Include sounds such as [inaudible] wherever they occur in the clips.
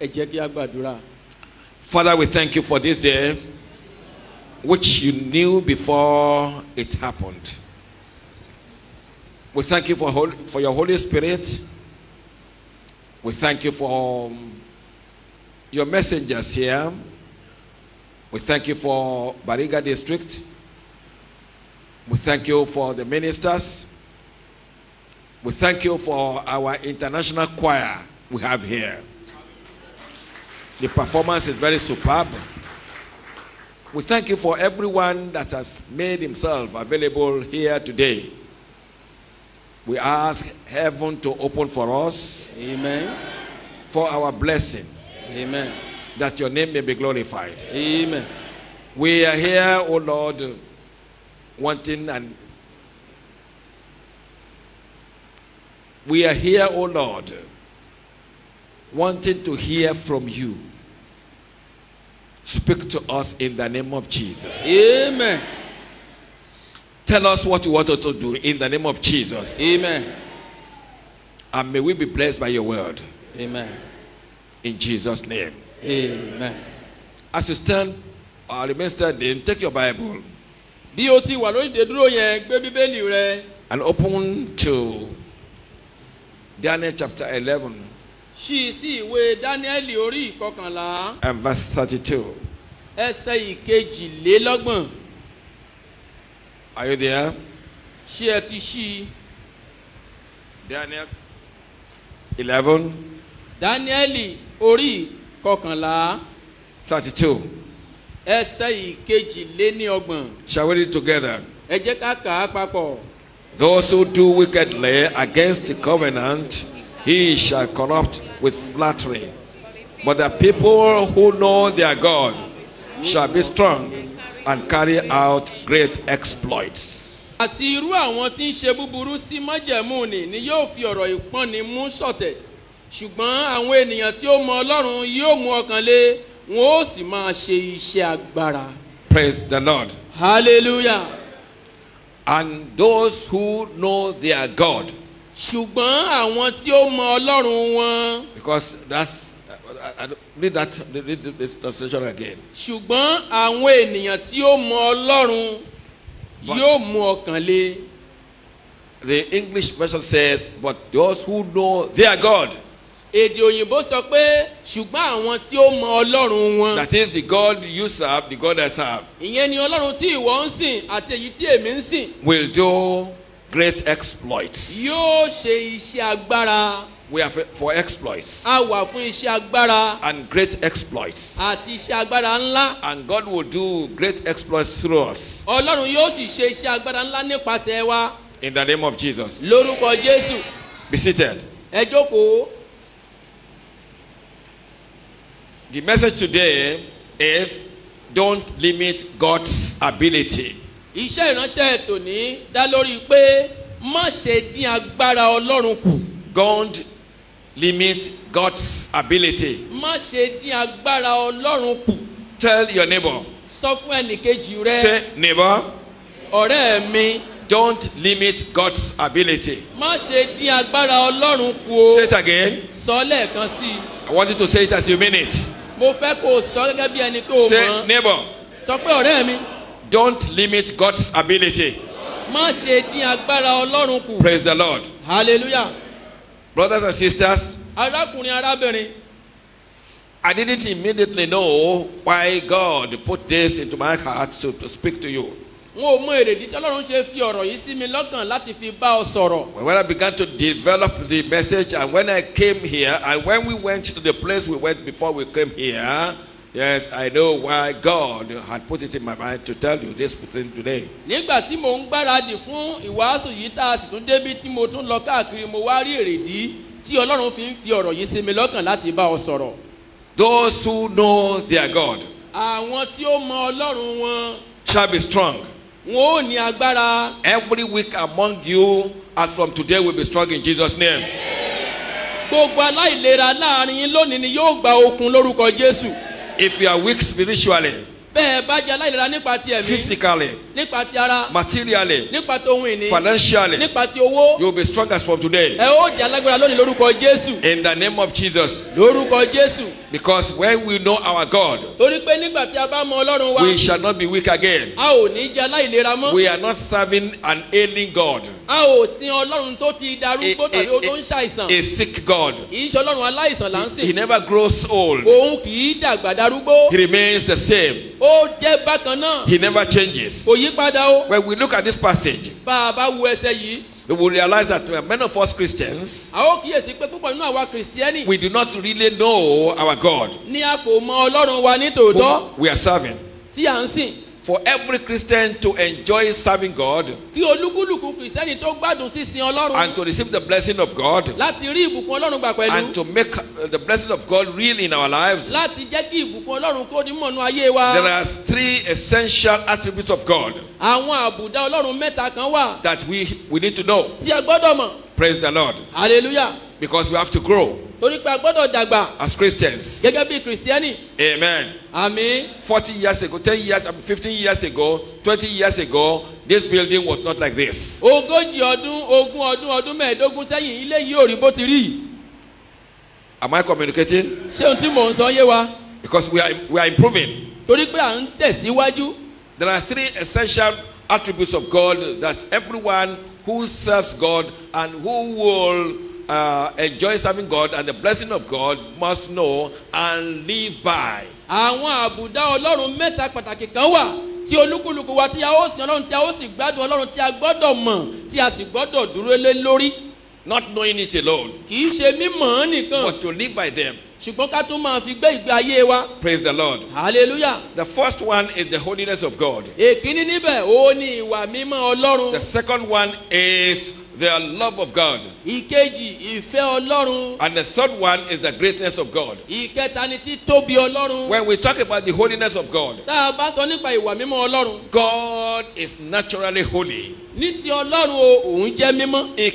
Father, we thank you for this day, which you knew before it happened. We thank you for, Holy, for your Holy Spirit. We thank you for um, your messengers here. We thank you for Bariga District. We thank you for the ministers. We thank you for our international choir we have here. The performance is very superb. We thank you for everyone that has made himself available here today. We ask heaven to open for us. Amen. For our blessing. Amen. That your name may be glorified. Amen. We are here, O oh Lord, wanting and we are here, O oh Lord, wanting to hear from you. Speak to us in the name of Jesus. Amen. Tell us what you want us to do in the name of Jesus. Amen. And may we be blessed by your word. Amen. In Jesus' name. Amen. As you stand or uh, remain standing, take your Bible. Bí o ti wà lórí ìdádúró yẹn, gbé Bíbélì rẹ. And open to Daniel chapter eleven. ṣí sí ìwé dáníẹ́lì orí ìkọkànlá. and verse thirty-two. ẹsẹ̀ ìkejìlélọ́gbọ̀n. are you there? ṣé ẹ ti ṣí i. Daniel eleven. dáníẹ́lì orí ìkọkànlá. thirty-two. ẹsẹ̀ ìkejìléníọgbọ̀n. shall we read together? ẹ jẹ́ ká kà á papọ̀. those who do wickedly against the covenant he shall corrupt with flattery. But the people who know their God shall be strong and carry out great exploits. àti irú àwọn tí ń ṣe búburú sí májẹ̀mú ni ni yóò fi ọ̀rọ̀ ìpọ́nni mú ṣọ̀tẹ̀ ṣùgbọ́n àwọn ènìyàn tí ó mọ ọlọ́run yóò mú ọkàn lé wọn ó sì máa ṣe iṣẹ́ agbára. praise the lord. hallelujah. and those who know their God ṣùgbọ́n àwọn tí ó mọ ọlọ́run wọn. because that's I, I read that read this translation again. ṣùgbọ́n àwọn ènìyàn tí ó mọ ọlọ́run yóò mú ọkàn le. the english version says but those who know their god. èdè òyìnbó sọ pé ṣùgbọ́n àwọn tí ó mọ ọlọ́run wọn. that is the god you serve the god i serve. ìyẹn ni ọlọ́run tí ìwọ ń sìn àti èyí tí èmi ń sìn. will do great exploits. yóò ṣe iṣẹ́ agbára. We are for exploits. A wà fún iṣẹ́ agbára. And great exploits. Àti iṣẹ́ agbára ńlá. And God will do great exploits through us. Ọlọ́run yóò sì ṣe iṣẹ́ agbára ńlá nípasẹ̀ wa. In the name of Jesus. Lórúkọ Jésù. Be seated. Ẹ jókòó. The message today is don't limit God's ability iṣẹ́ ìránṣẹ́ tòní dá lórí pé má ṣe dín agbára ọlọ́run kù. God limit God's ability. má ṣe dín agbára ọlọ́run kù. Tell your neighbor. sọ fún ẹnìkejì rẹ. Say neighbor. ọ̀rẹ́ mi. Don't limit God's ability. má ṣe dín agbára ọlọ́run kù o. Say it again. sọ lẹ́ẹ̀kan sí i. I want you to say it as you mean it. mo fẹ́ kó o sọ gẹ́gẹ́ bí ẹni pé o mọ̀. Say neighbor. sọ pé ọ̀rẹ́ mi. Don't limit God's ability. Má ṣe dín agbára Ọlọ́run kù. Praise the Lord. Hallelujah. Brothers and sisters. Arákùnrin arábìnrin. I didn't immediately know why God put this into my heart to, to speak to you. N ò èrèdí tí Ọlọ́run ṣe fi ọ̀rọ̀ yìí sí mi lọ́kàn láti fi bá ọ sọ̀rọ̀. When I began to develop the message and when I came here and when we went to the place we went before we came here. Yes, I know why God had put it in my mind to tell you this thing today. Nígbà tí mò ń gbáradì fún ìwàásù yìí tá a sì tún débi tí mo tún lọ káàkiri mo wá rí èrèdí tí Ọlọ́run fi ń fi ọ̀rọ̀ yìí sí lọ́kàn láti bá ọ sọ̀rọ̀. Those who know their God. Àwọn tí ó mọ Ọlọ́run wọn. Shall be strong. Wọn ò ní agbára. Every week among you as from today will be strong in Jesus' name. Gbogbo aláìlera láàrin yín lónìí ni yóò gba okun lórúkọ Jésù if you are weak spiritually. bẹ́ẹ̀ bá jẹ́ aláìlera nípa ti ẹ̀mí. physically nípa ti ara. materially. nípa ti ohun ìní. financially. nípa ti owó. you will be strong as from today. ẹ ó jẹ́ alágbára lónìí lórúkọ jésù. in the name of jesus. lórúkọ jésù. because when we know our God. torí pé nígbà tí a bá mọ ọlọ́run wa. we shall not be weak again. a ò ní jẹ́ aláìlera mọ́. we are not serving an ailing God. a ò sin ọlọ́run tó ti darúgbó tàbí tó ń ṣàìsàn. a sick God. kì ṣe ọlọ́run aláìsàn là ń sìn. he never grows old. òun kì í dàgbà darúgbó. he remains the same. ó jẹ́ bákan náà. he never changes. kò yí o. when we look at this passage. bá a bá wo ẹsẹ yìí. We will realize that many of us Christians. A ó kíyèsí pé púpọ̀ nínú àwa Kristẹni. We do not really know our God. Ní a kò mọ Ọlọ́run wa ní tòótọ́. Whom we are serving. Tí à ń sìn for every Christian to enjoy serving God. kí olúkúlùkù kìrìsìtẹ́nì tó gbádùn sísin ọlọ́run. and to receive the blessing of God. láti rí ìbùkún ọlọ́run gbà pẹ̀lú. and to make uh, the blessing of God real in our lives. láti jẹ́ kí ìbùkún ọlọ́run kó ní mọ̀nú ayé wa. there are three essential attributes of God. àwọn àbùdá ọlọ́run mẹ́ta kan wà. that we we need to know. tí a gbọ́dọ̀ mọ̀. praise the Lord. hallelujah. Because we have to grow. As Christians. Gẹ́gẹ́ Amen. Forty years ago, ten years, fifteen years ago, twenty years ago, this building was not like this. Am I communicating? Because we are, we are improving. There are three essential attributes of God that everyone who serves God and who will. uh, enjoy serving God and the blessing of God must know and live by. Àwọn àbùdá Ọlọ́run mẹ́ta pàtàkì kan wà tí olúkúlùkù wa tí a ó sin Ọlọ́run tí a ó sì gbádùn Ọlọ́run tí a gbọ́dọ̀ mọ̀ tí a sì gbọ́dọ̀ dúró lé lórí. Not knowing it alone. Kì í ṣe mímọ̀ ọ́ nìkan. But to live by them. Ṣùgbọ́n ká tún máa fi gbé ìgbé ayé wa. Praise the Lord. Hallelujah. The first one is the holiness of God. Èkíní níbẹ̀, òun ni ìwà mímọ́ Ọlọ́run. The second one is. The love of God. Ìkejì ìfẹ́ And the third one is the greatness of God. When we talk about the holiness of God. God is naturally holy. It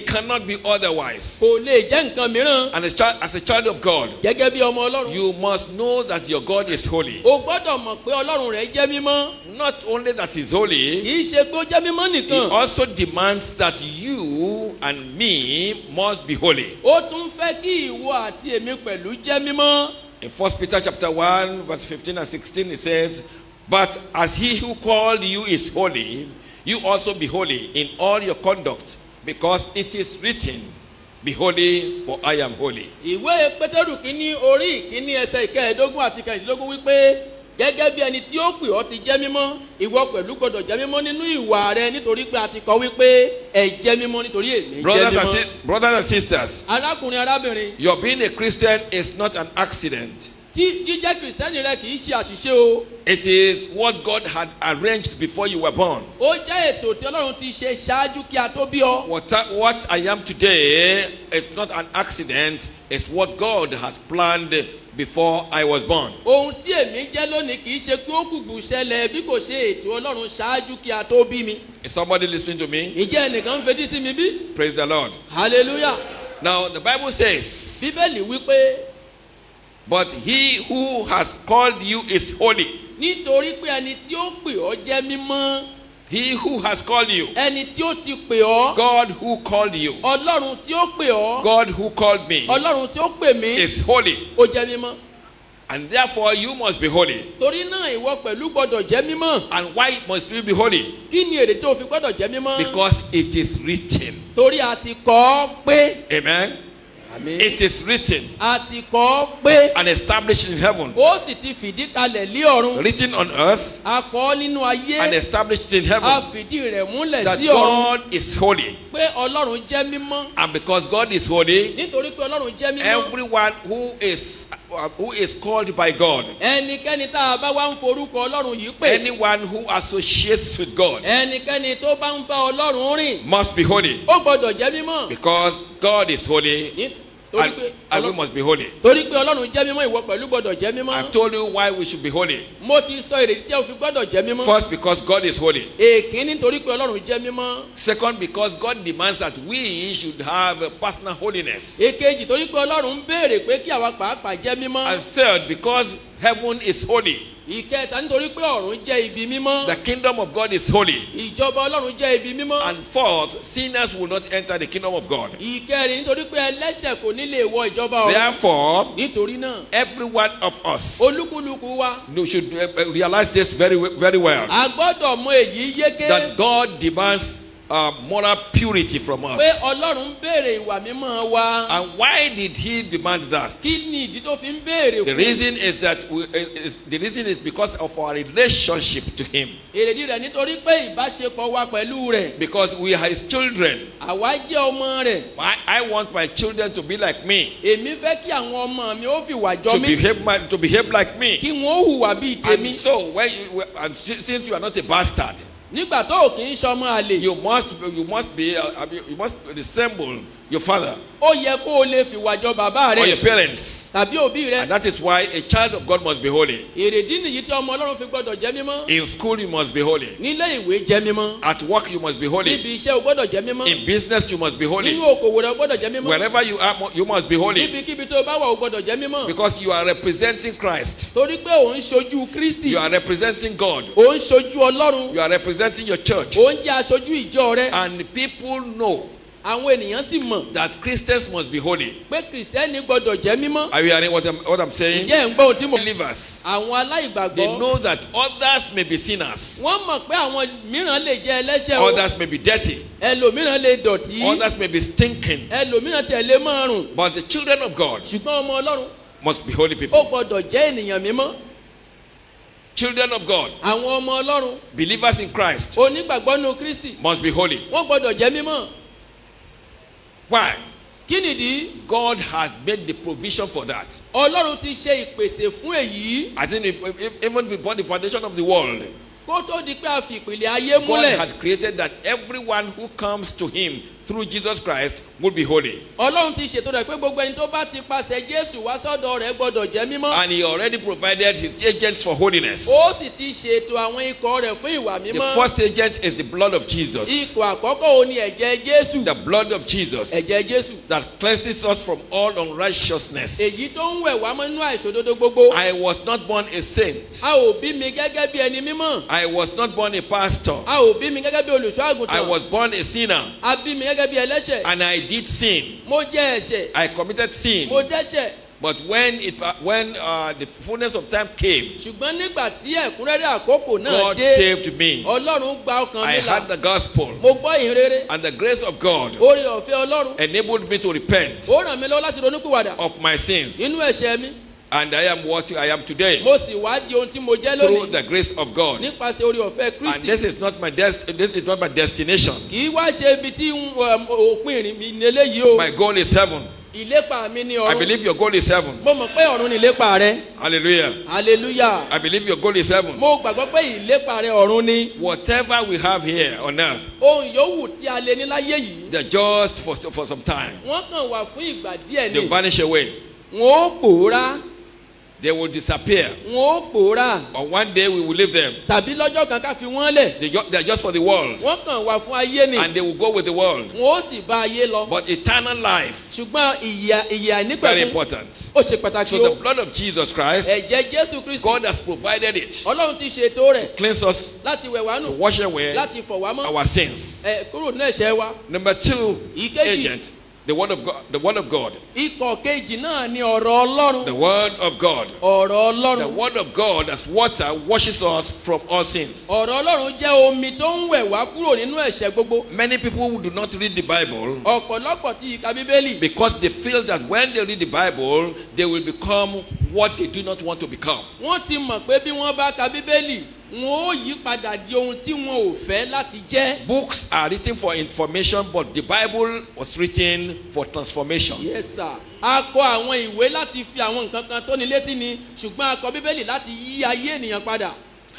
cannot be otherwise. And as a child, as a child of God. You must know that your God is holy. Not only that He's holy. He also demands that you and me must be holy. Ó tún fẹ́ kí ìwọ àti èmi pẹ̀lú jẹ́ mímọ́. In First Peter chapter one verse fifteen and sixteen it says, "But as he who called you is holy, you also be holy in all your conduct, because it is written." Be holy for I am holy. Ìwé Pétérù kìíní orí ẹsẹ̀ àti wípé gẹ́gẹ́ bí ẹni tí ó pè ọ́ ti jẹ́ mímọ́ ìwọ pẹ̀lú gbọ́dọ̀ jẹ́ mímọ́ nínú ìwà rẹ nítorí pé a ti kọ́ wípé ẹ jẹ́ mímọ́ nítorí èmi jẹ́ mímọ́. brothers and sisters. arákùnrin arábìnrin. your being a Christian is not an accident. tí jíjẹ́ kìrìsìtẹ́nì rẹ kìí ṣe àṣìṣe o. it is what God had arranged before you were born. ó jẹ́ ètò tí Ọlọ́run ti ṣe ṣáájú kí a tó bí ọ. what I, what I am today is not an accident it's what God has planned before I was born. Ohun tí èmi jẹ́ lónìí kì í ṣe pé ó kùkù ṣẹlẹ̀ bí kò ṣe ètò Ọlọ́run ṣáájú kí a tó bí mi. Is somebody listening to me? Ǹjẹ́ ẹnìkan ń fetí sí mi bí? Praise the Lord. Hallelujah. Now the Bible says. Bíbélì wí pé. But he who has called you is holy. Nítorí pé ẹni tí ó pè ọ́ jẹ́ mímọ́. He who has called you. Ẹni tí ó ti pè ọ́. God who called you. Ọlọ́run tí ó pè ọ́. God who called me. Ọlọ́run tí ó pè mí. Is holy. Ó jẹ́ mímọ́. And therefore you must be holy. Torí náà ìwọ pẹ̀lú gbọ́dọ̀ jẹ́ mímọ́. And why must you be holy? Kí ni èrè tí o fi gbọ́dọ̀ jẹ́ mímọ́? Because it is written. Torí a ti kọ ọ́ pé. Amen. Àmín. It is written. A ti kọ And established in heaven. Ó sì ti fìdí kalẹ̀ lé ọ̀run. Written on earth. A nínú ayé. And established in heaven. A fìdí rẹ̀ múlẹ̀ sí ọ̀run. That God is holy. Pé Ọlọ́run jẹ́ mímọ́. And because God is holy. Nítorí pé Ọlọ́run jẹ́ mímọ́. Everyone who is who is called by God. ẹnikẹ́ni tá a bá wá ń forúkọ ọlọ́run yìí pè. anyone who associates with God. ẹnikẹ́ni tó bá ń bá ọlọ́run rìn. must be holy. ó gbọ́dọ̀ jẹ́ mímọ́. because God is holy torí pé and we must be holy. torí pé ọlọ́run jẹ́ mímọ́ ìwọ pẹ̀lú gbọ́dọ̀ jẹ́ mímọ́. I told you why we should be holy. mo ti sọ èrèdí tí a fi gbọ́dọ̀ jẹ́ mímọ́. first because God is holy. èkínní torí pé ọlọ́run jẹ́ mímọ́. second because God demands that we should have a personal holiness. èkejì torí pé ọlọ́run ń béèrè pé kí àwa pàápàá jẹ́ mímọ́. and third because heaven is holy. The kingdom of God is holy. And fourth, sinners will not enter the kingdom of God. Therefore, every one of us we should uh, realize this very, very well that God demands uh, moral purity from us. and why did he demand that. the reason is that we, eh, is, the reason is because of our relationship to him. because we are his children. I, I want my children to be like me. to behave my, to behave like me. and so when you and since you are not a bastard. nígbà tó kì í ṣọmọ àlè. you must you must be uh, you must resemble your father. ó yẹ kó o lè fìwà bàbá rẹ. or your parents. tàbí òbí rẹ. and that is why a child of God must be holy. èrèdí nìyí tí ọmọ ọlọ́run fi gbọ́dọ̀ jẹ́ mímọ́. in school you must be holy. nílé ìwé jẹ́ mímọ́. at work you must be holy. níbi iṣẹ́ o gbọ́dọ̀ jẹ́ mímọ́. in business you must be holy. nínú okòwò rẹ o gbọ́dọ̀ jẹ́ mímọ́. wherever you are you must be holy. níbikíbi tó o bá wà o gbọ́dọ̀ jẹ́ mímọ́. because you are representing Christ. torí pé ò ń ṣojú Kristi. you are representing God. ò ń ṣojú ọlọ́run. you are representing your church. ò ń jẹ́ aṣojú ìjọ rẹ. and people know àwọn ènìyàn sì mọ̀. that christians must be holy. pé kristẹni gbọdọ̀ jẹ́ mímọ́. are you hearing what i'm what i'm saying. ǹjẹ́ ń gbọ́ ohun tí mo. believers. àwọn aláìgbàgbọ́. they know that others may be sinners. wọ́n mọ̀ pé àwọn mìíràn lè jẹ́ ẹlẹ́ṣẹ̀ o. others may be dirty. ẹlòmíràn lè dọ̀tí. others may be stinking. ẹlòmíràn tiẹ̀ lè máa rùn. but the children of God. ṣùgbọ́n ọmọ ọlọ́run. must be holy people. ó gbọdọ̀ jẹ́ ènìyàn mímọ́ children of God. àwọn ọmọ ọlọ́run. believers in Christ. onígbàgbọ́ Kristi. must be holy. wọ́n gbọ́dọ̀ jẹ́ mímọ́. Why? Kí nìdí? God has made the provision for that. Ọlọ́run ti ṣe ìpèsè fún èyí. I think even before the foundation of the world. Kó tó di pé a fi ìpìlẹ̀ ayé múlẹ̀. God had created that everyone who comes to him through Jesus Christ would be holy. Ọlọ́run ti ṣètò rẹ̀ pé gbogbo ẹni tó bá ti pasẹ̀ Jésù wá sọ́dọ̀ rẹ̀ gbọ́dọ̀ jẹ́ mímọ́. And he already provided his agents for holiness. Ó sì ti ṣètò àwọn ikọ̀ rẹ̀ fún ìwà mímọ́. The first agent is the blood of Jesus. Ikọ̀ àkọ́kọ́ òun ni ẹ̀jẹ̀ Jésù. The blood of Jesus. Ẹ̀jẹ̀ Jésù. That cleanses us from all unrighteousness. Èyí tó ń wẹ̀ wá mọ́ nínú àìṣòdodo gbogbo. I was not born a saint. A ò bí mi gẹ́gẹ́ bí ẹni mímọ́. I was not born a pastor. A ò bí mi gẹ́gẹ́ bí olùṣọ́ àgùntàn. I was born a sinner. A bí mi gẹ́gẹ́ gẹ́gẹ́ bí ẹlẹ́ṣẹ̀. and I did sin. mo jẹ ẹ̀ṣẹ̀. I committed sin. mo dẹ́ṣẹ̀. But when it uh, when uh, the fullness of time came. ṣùgbọ́n nígbà tí ẹ̀kúnrẹ́rẹ́ àkókò náà dé. God saved me. Ọlọ́run gba ọkàn mi là. I had the gospel. Mo gbọ́ ìhìnrere. And the grace of God. Oore ọ̀fẹ́ Ọlọ́run. Enabled me to repent. Ó ràn mí lọ́wọ́ láti ronúpìwàdà. Of my sins. Inú ẹ̀ṣẹ̀ mi. And I am what I am today. Through the grace of God. And this is not my dest this is not my destination. í um, um, My goal is heaven. I believe your goal is heaven. Hallelujah. Hallelujah. I believe your goal is heaven. Whatever we have here on earth. they're just for for some time. They vanish away. they will disappear. wọn ó pòórá. but one day we will leave them. tàbí lọ́jọ́ kan ká fi wọ́n lẹ̀. they just they are just for the world. wọ́n kàn wà fún ayé ni. and they will go with the world. wọn ó sì bá ayé lọ. but eternal life. ṣùgbọ́n ìyà ìyà nípẹ̀kun. very important. ó ṣe pàtàkì o. so the blood of Jesus Christ. ẹ̀jẹ̀ Jésù Kristi. God has provided it. Ọlọ́run ti ṣètò rẹ̀. to cleanse us. láti wẹ̀ wá nù. to wash away. láti fọ̀ wá mọ́. our sins. ẹ kúrò ní ẹ̀ṣẹ̀ wa. number two. ìkejì agent. The word of God. The word of God. Ikọ̀ kejì náà ni ọ̀rọ̀ Ọlọ́run. The word of God. Ọ̀rọ̀ Ọlọ́run. The word of God as water washes us from all sins. Ọ̀rọ̀ Ọlọ́run jẹ́ omi tó ń wẹ̀ wá kúrò nínú ẹ̀ṣẹ̀ gbogbo. Many people who do not read the Bible. Ọ̀pọ̀lọpọ̀ ti ìka Bíbélì. Because they feel that when they read the Bible, they will become what they do not want to become. wọ́n ti mọ̀ pé bí wọ́n bá ka bíbélì wọn ó yí padà di ohun tí wọn ò fẹ́ láti jẹ́. books are written for information but the bible was written for transformation. yes sir a kọ àwọn ìwé láti fi àwọn nǹkan kan tóni létí ni ṣùgbọ́n a kọ bíbélì láti yí ayé ènìyàn padà.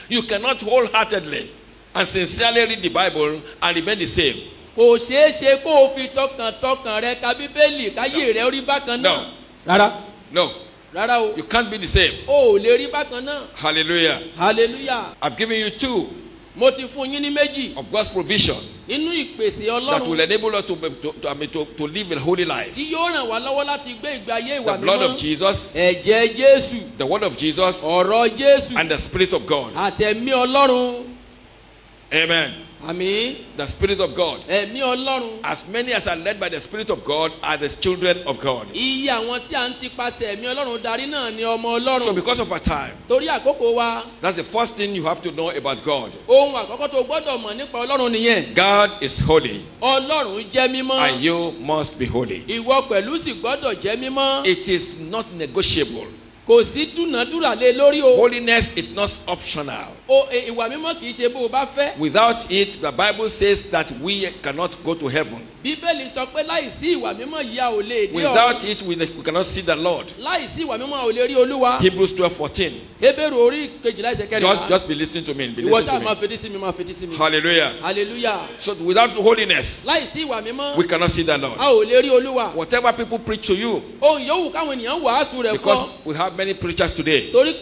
you cannot wholeheartedly and sincerely read the bible and remain the same. kò ṣeé ṣe kó o fi tọkàntọkàn rẹ ka bíbélì káyé rẹ orí bákan náà. no no. no rárá o. you can't be the same. o ò lè rí bákan náà. hallelujah. hallelujah. I've given you two. mo ti fún yín ní méjì. of God's provision. nínú ìpèsè ọlọ́run. that will enable us to to to, to, to live a holy life. tí yóò ràn wá lọ́wọ́ láti gbé ìgbé ayé ìwà mímọ́. the blood of Jesus. ẹ̀jẹ̀ Jésù. the word of Jesus. ọ̀rọ̀ Jésù. and the spirit of God. àtẹ̀mí ọlọ́run. amen. Ami. The Spirit of God. Ẹ̀mí Ọlọ́run. As many as are led by the Spirit of God are the children of God. Iye àwọn tí a ń tipasẹ̀ ẹ̀mí Ọlọ́run darí náà ni ọmọ Ọlọ́run. So because of our time. Torí àkókò wa. That's the first thing you have to know about God. Ohun àkọ́kọ́ tó gbọ́dọ̀ mọ̀ nípa Ọlọ́run nìyẹn. God is holy. Ọlọ́run jẹ́ mímọ́. And you must be holy. Ìwọ pẹ̀lú sì gbọ́dọ̀ jẹ́ mímọ́. It is not negotiable. Kò sí dúnàdúrà lé lórí o. Holiness is not optional. Without it, the Bible says that we cannot go to heaven. Without it, we cannot see the Lord. Hebrews 12 14. Just, just be listening to me. Be listening to me. Hallelujah. Hallelujah. So without holiness, we cannot see the Lord. Whatever people preach to you, because we have many preachers today. We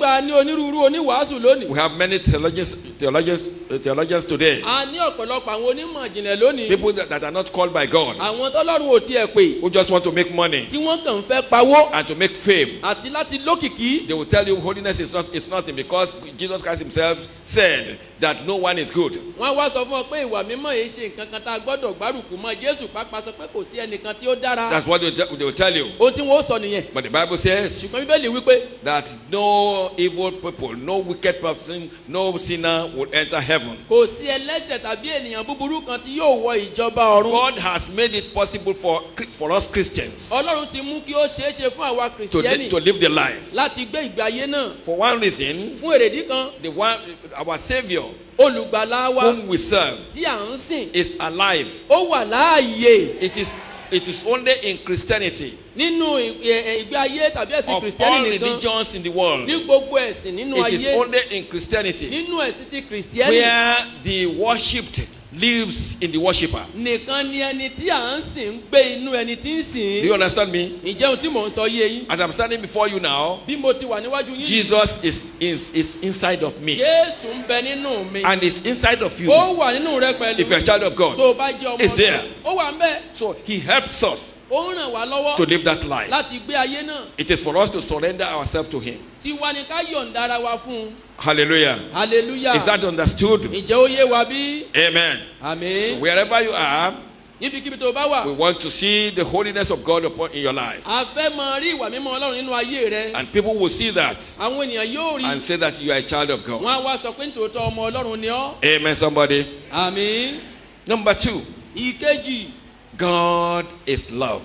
have many theologians, theologians, theologians today. a ní ọ̀pọ̀lọpọ̀ àwọn onímọ̀ ìjìnlẹ̀ lónìí. people that, that are not called by God. àwọn tọ́lọ́run ò tiẹ̀ pè. who just want to make money. tí wọ́n kàn fẹ́ pawó. and to make fame. àti láti lókìkí. they will tell you holiness is not is nothing because Jesus Christ himself said that no one is good. wọ́n wá sọ fún ọ pé ìwà mímọ́ yìí ṣe nǹkan kan tá a gbọ́dọ̀ gbárùkù mọ́ jésù pápá sọ pé kò sí ẹnìkan tí ó dára. that's what they will, they will tell you. ohun tí wọ́n sọ nìyẹn. but the bible says. ṣùgbọ́n bíbélì wípé. that no evil people no wicked person no sinner would enter heaven. Kò sí ẹlẹ́ṣẹ̀ tàbí ènìyàn búburú kan tí yóò wọ ìjọba ọ̀run. God has made it possible for, for us Christians. Ọlọ́run ti mú kí ó ṣeé ṣe fún àwa Kìrìsìtẹ́nì. To live the life. Láti gbé ìgbé ayé náà. For one reason. Fún èrèdí kan. The one our saviour. Olùgbàlà wa. Whom we serve. Tí à ń sìn. Is alive. Ó wà láàyè. It is it is only in christianity. nínú ìgbé ayé tàbí ẹ̀sìn kristiani nìkan. of all religions in the world. ní gbogbo ẹ̀sìn nínú ayé. it is only in christianity. nínú ẹ̀sìn ti kristiani. where the worshipped lives in the worshiper. nìkan ni ẹni tí à ń sìn ń gbé inú ẹni tí ń sìn. do you understand me. ǹjẹ́ ohun tí mò ń sọ yé yín. as i'm standing before you now. bí mo ti wà níwájú yín. jesus is is is inside of me. jésù ń bẹ nínú mi. and is inside of you. ó wà nínú rẹ pẹ̀lú. if you are a child of God. tó o bá jẹ ọmọ rẹ. is there. ó wà ń bẹ. so he helps us. ó ràn wá lọ́wọ́. to live that life. láti gbé ayé náà. it is for us to surrender ourselves to him. tiwa ni ká yọ̀ǹda ara wa fún un. Hallelujah. Hallelujah. Is that understood? Amen. Amen. So wherever you are, we want to see the holiness of God upon in your life. And people will see that. And say that you are a child of God. Amen, somebody. Amen. Number two. God is love.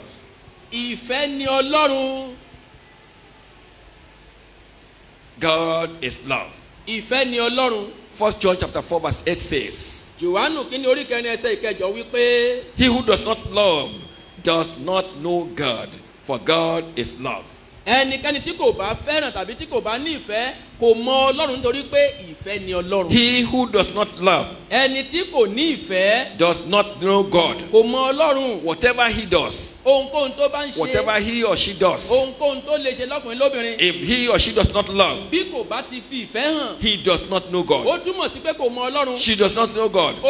God is love. ìfẹ́ ni Ọlọ́run. First John chapter four verse eight says. Jòhánù kínní orí kẹrin ẹsẹ̀ ìkẹjọ wípé. He who does not love does not know God, for God is love. Ẹnikẹ́ni tí kò bá fẹ́ràn tàbí tí kò bá ní ìfẹ́ kò mọ Ọlọ́run nítorí pé ìfẹ́ ni Ọlọ́run. He who does not love. Ẹni tí kò ní ìfẹ́. does not know God. Kò mọ Ọlọ́run. Whatever he does. Whatever he or she does, if he or she does not love, he does not know God. She does not know God.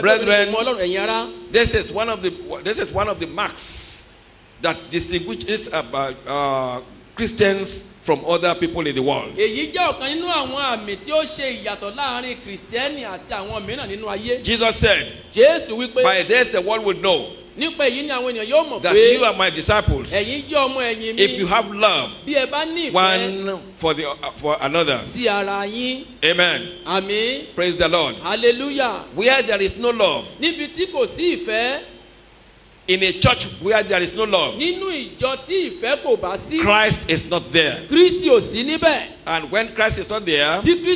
Brethren, this is one of the this is one of the marks that distinguishes about uh, Christians from other people in the world. Jesus said, By this the world would know nípa èyí ni àwọn ènìyàn yóò mọ̀ pé. that you are my disciples. ẹ̀yin jẹ́ ọmọ ẹ̀yìn mi. if you have love. bí ẹ bá ní ìfẹ́. one for the uh, for another. sí ara yín. amen. àmín. praise the lord. hallelujah. where there is no love. níbi tí kò sí ìfẹ́. in a church where there is no love. Christ is not there. and when Christ is not there. God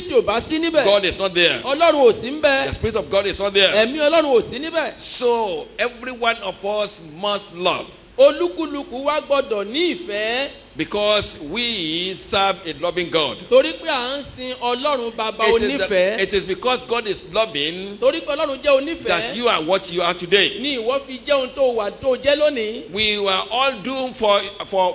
is not there. the spirit of God is not there. so every one of us must love. olúkúlùkù wa gbọdọ̀ ní ìfẹ́. because we serve a loving God. torí pé à ń sin ọlọ́run bàbá onífẹ́. it is because God is loving. torí pé ọlọ́run jẹ́ onífẹ́. that you are what you are today. ni ìwọ fi jẹ́ ohun tó wà tó jẹ́ lónìí. we were all doomed for for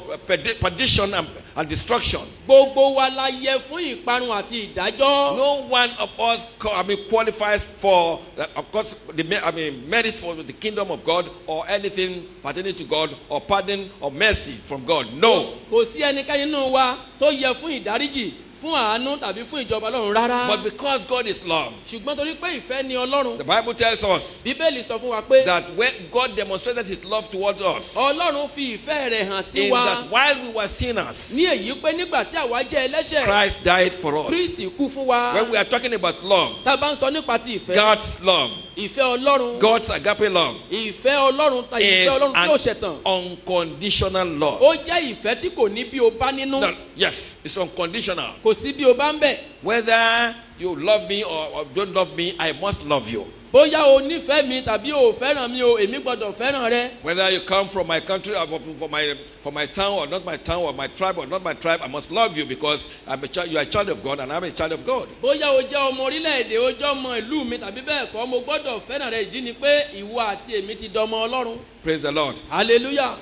perdition and and destruction. Gbogbo wa la yẹ fún ìparun àti ìdájọ́. No one of us I mean, qualifies for uh, of course the I mean, merit for the kingdom of God or anything pertaining to God or pardon or mercy from God. No. Kò sí ẹnikẹ́ni nínú wa tó yẹ fún ìdáríjì fún àánú tàbí fún ìjọba ọlọ́run rárá. but because God is love. ṣùgbọ́n torí pé ìfẹ́ ni ọlọ́run. the bible tells us. bíbélì sọ fún wa pé. that when God demonstrated his love towards us. ọlọ́run fi ìfẹ́ rẹ̀ hàn sí wa. in that while we were sinners. ní èyí pé nígbà tí àwa jẹ́ ẹlẹ́ṣẹ̀. Christ died for us. Kristi kú fún wa. when we are talking about love. tá bá ń sọ nípa ti ìfẹ́. God's love. ìfẹ́ ọlọ́run. God's agape love. ìfẹ́ ọlọ́run ta ìfẹ́ ọlọ́run tí ó ṣẹ̀tàn. is an unconditional love. ó jẹ́ ìfẹ́ tí kò ní bí o bá nínú. yes it's unconditional. kò sí bí o bá ń bẹ̀. whether you love me or, or don't love me I must love you. bóyá o nífẹ̀ẹ́ mi tàbí o fẹ́ràn mi o èmi gbọ́dọ̀ fẹ́ràn rẹ. whether you come from my country or from my my town or not my town or my tribe or not my tribe I must love you because I'm a child you are a child of God and I'm a child of God. bóyá o jẹ́ ọmọ orílẹ̀-èdè o jẹ́ ọmọ ìlú mi tàbí bẹ́ẹ̀ kọ́ mo gbọ́dọ̀ fẹ́ràn rẹ ìdí ni pé ìwọ àti èmi ti dọmọ Ọlọ́run. praise the Lord. hallelujah.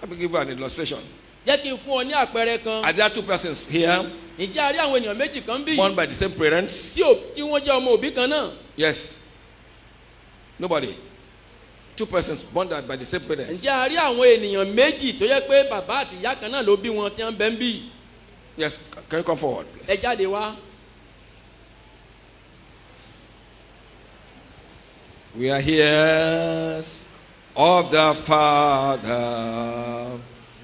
let me give you an illustration. jẹ́ kí n fún ọ ní àpẹẹrẹ kan. are there two persons here. ǹjẹ́ a rí àwọn ènìyàn méjì kan bí. born by the same parents. tí o tí wọ́n jẹ́ ọmọ òbí kan náà. yes nobody two persons born by the same parents. ǹjẹ́ a rí àwọn ènìyàn méjì tó yẹ pé bàbá àti ìyá kan náà ló bí wọn tí wọ́n bẹ́ ń bí. yes can you come forward please. ẹ jáde wá. we are heirs of the father.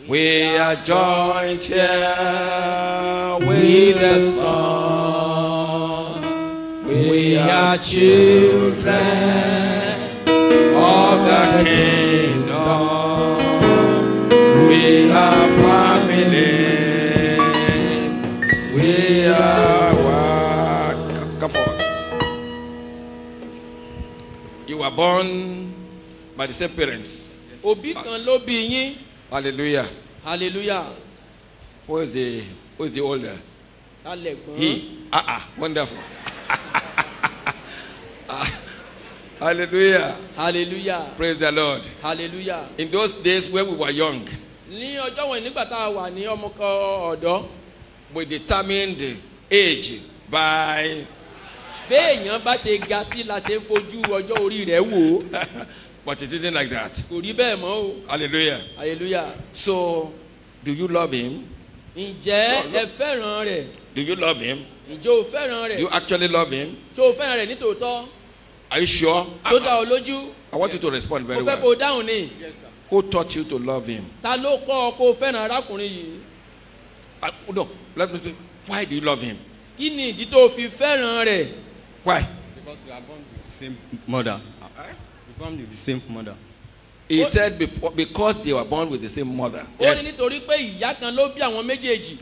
We are joined here with the song. We are children of the kingdom. We are family. We are one. Come forward. You were born by the same parents. Obi kan ló bí yín. Hallelujah. Hallelujah. Who is the who is the older? He. Ah ah. Wonderful. [laughs] Ah, hallelujah. Hallelujah. Praise the Lord. Hallelujah. In those days when we were young. Ní ọjọ́ wọ̀nyí nígbà tá a wà ní ọmọ ọ̀dọ́. We determined age by. Béèyàn bá ṣe ga sí la ṣe fojú ọjọ́ orí rẹ̀ wò. [laughs] But it isn't like that. Kò rí bẹ́ẹ̀ mọ́ o. Hallelujah. Hallelujah. So do you love him? Ǹjẹ́ ẹ fẹ́ràn rẹ̀? Do you love him? Ǹjẹ́ o fẹ́ràn rẹ̀? Do you actually love him? Ṣé o fẹ́ràn rẹ̀ nítòótọ́? Are you sure? Tó dá o lójú. I want you to respond very well. Mo fẹ́ kó o dáhùn ni. Who taught you to love him? Ta ló kọ́ ọ kó o fẹ́ràn arákùnrin yìí? Uh, no, let me say, why do you love him? Kí ni ìdí tó o fi fẹ́ràn rẹ̀? Why? Because we are born with the same mother. Eh? born with the same mother. He oh, said before, because they were born with the same mother. Ó ní nítorí pé ìyá kan ló bí àwọn méjèèjì.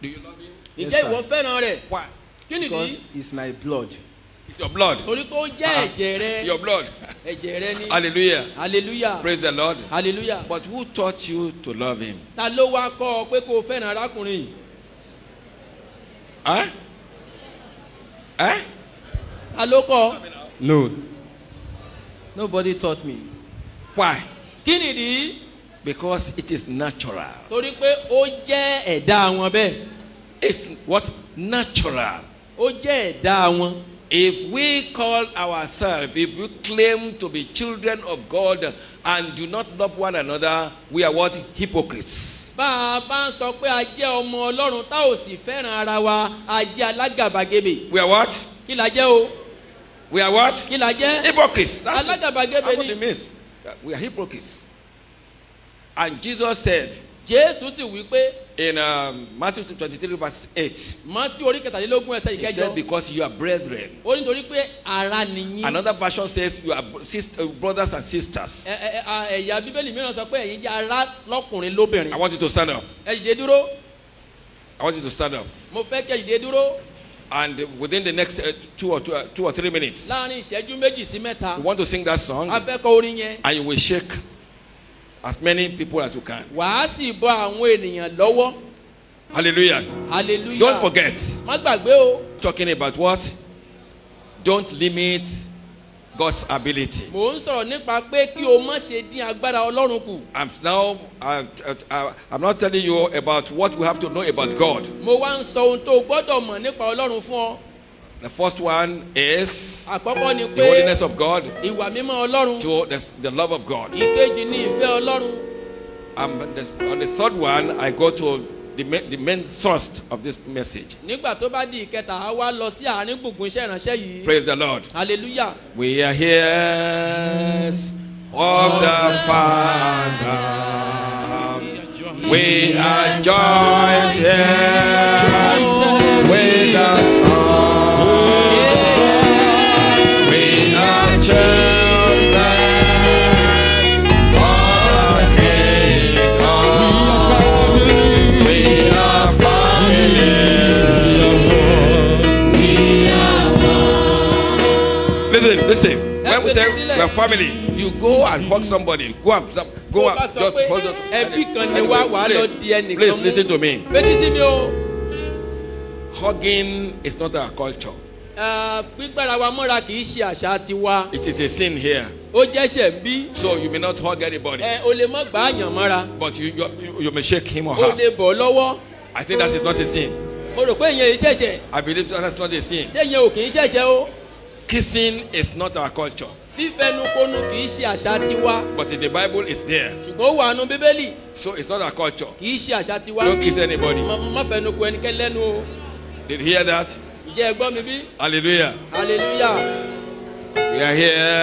Do you love him? Ǹjẹ́ ìwọ fẹ́ràn rẹ̀? Why? Kí ni Because it's my blood. It's your blood. Torí pé ó jẹ́ ah, ẹ̀jẹ̀ rẹ. Your blood. Ẹ̀jẹ̀ rẹ ni. Hallelujah. Hallelujah. Praise the Lord. Hallelujah. But who taught you to love him? Ta ló wá kọ́ ọ pé kó o fẹ́ràn arákùnrin yìí? Ẹ́? Ẹ́? Ta ló No. Nobody taught me. Why? Kí nìdí? Because it is natural. Torí pé ó jẹ́ ẹ̀dá wọn bẹ́ẹ̀. It's what natural. Ó jẹ́ ẹ̀dá wọn. If we call ourselves, if we claim to be children of God and do not love one another, we are what? Hypocrites. Bá a bá ń sọ pé a jẹ́ ọmọ Ọlọ́run tá ò sì fẹ́ràn ara wa, a jẹ́ alágàbàgebè. We are what? Kí la jẹ́ o? we are what. kí jẹ́. hypocrites that's it ni that's what it means we are hypocrites and jesus said. jésù sì wí pé. in um, matthew twenty-three verse eight. matthew orí kẹtàlélógún ẹsẹ̀ ìkẹjọ. he said because you are brethren. ó ní torí pé ara nìyí. another version says you are sister, uh, brothers and sisters. ẹ̀yà bíbélì mìíràn sọ pé ẹ̀yin jẹ́ ara lọ́kùnrin lóbìnrin. i want you to stand up. ẹ dúró. i want you to stand up. mo fẹ́ kẹ́ dìde dúró and within the next uh, two, or two, uh, two or three minutes. láàrin ìṣẹ́jú méjì sí mẹ́ta. you want to sing that song. a orin yẹn. and you will shake as many people as you can. wàá sì bọ àwọn ènìyàn lọ́wọ́. hallelujah. hallelujah. don't forget. má gbàgbé o. talking about what? don't limit. God's ability. Mò ń sọ̀rọ̀ nípa pé kí o má ṣe dín agbára Ọlọ́run kù. I'm now uh, I'm not telling you about what we have to know about God. Mo wá ń sọ ohun tó o gbọ́dọ̀ mọ̀ nípa Ọlọ́run fún ọ. The first one is àkọ́kọ́ ni pé the holiness of God. Ìwà mímọ́ Ọlọ́run. To the, the love of God. Ìkejì ni ìfẹ́ Ọlọ́run. And um, the, the third one I go to. the main, the main thrust of this message. nígbà tó bá di ìkẹta a wá lọ sí àárín gbùngbùn iṣẹ́ ìránṣẹ́ yìí. praise the lord. hallelujah. we are heirs of the father we are joint heirs with the son we are children. listen when we say we are family you go and hug somebody go up go up just hold on ẹbí kan please lis ten to me hugging is not our culture. gbígbára wa mọ́ra kì í ṣe àṣà tiwa. it is a sin here. ó jẹ́sẹ̀ bí. so you may not hug anybody. ẹ o lè mọ gbà yàn mọ́ra. but you, you you may shake him or her. o lè bọ̀ lọ́wọ́. I think that is not a sin. mo rò pé ìyẹn ìṣẹ̀ṣẹ̀. I believe that is not a sin. ṣé ìyẹn ò kì í ṣẹ̀ṣẹ̀ o. Kissing is not our culture. fífẹnukonu kì í ṣe àṣà tiwa. but in the bible it's there. ṣùgbọ́n ó wà nù bíbélì. so it's not our culture. kì í ṣe àṣà tiwa. don't kiss anybody. má fẹnukò ẹnikẹ́ni lẹ́nu o. did you hear that. ǹjẹ́ ẹ gbọ́ mi bí. hallelujah. hallelujah. we are here.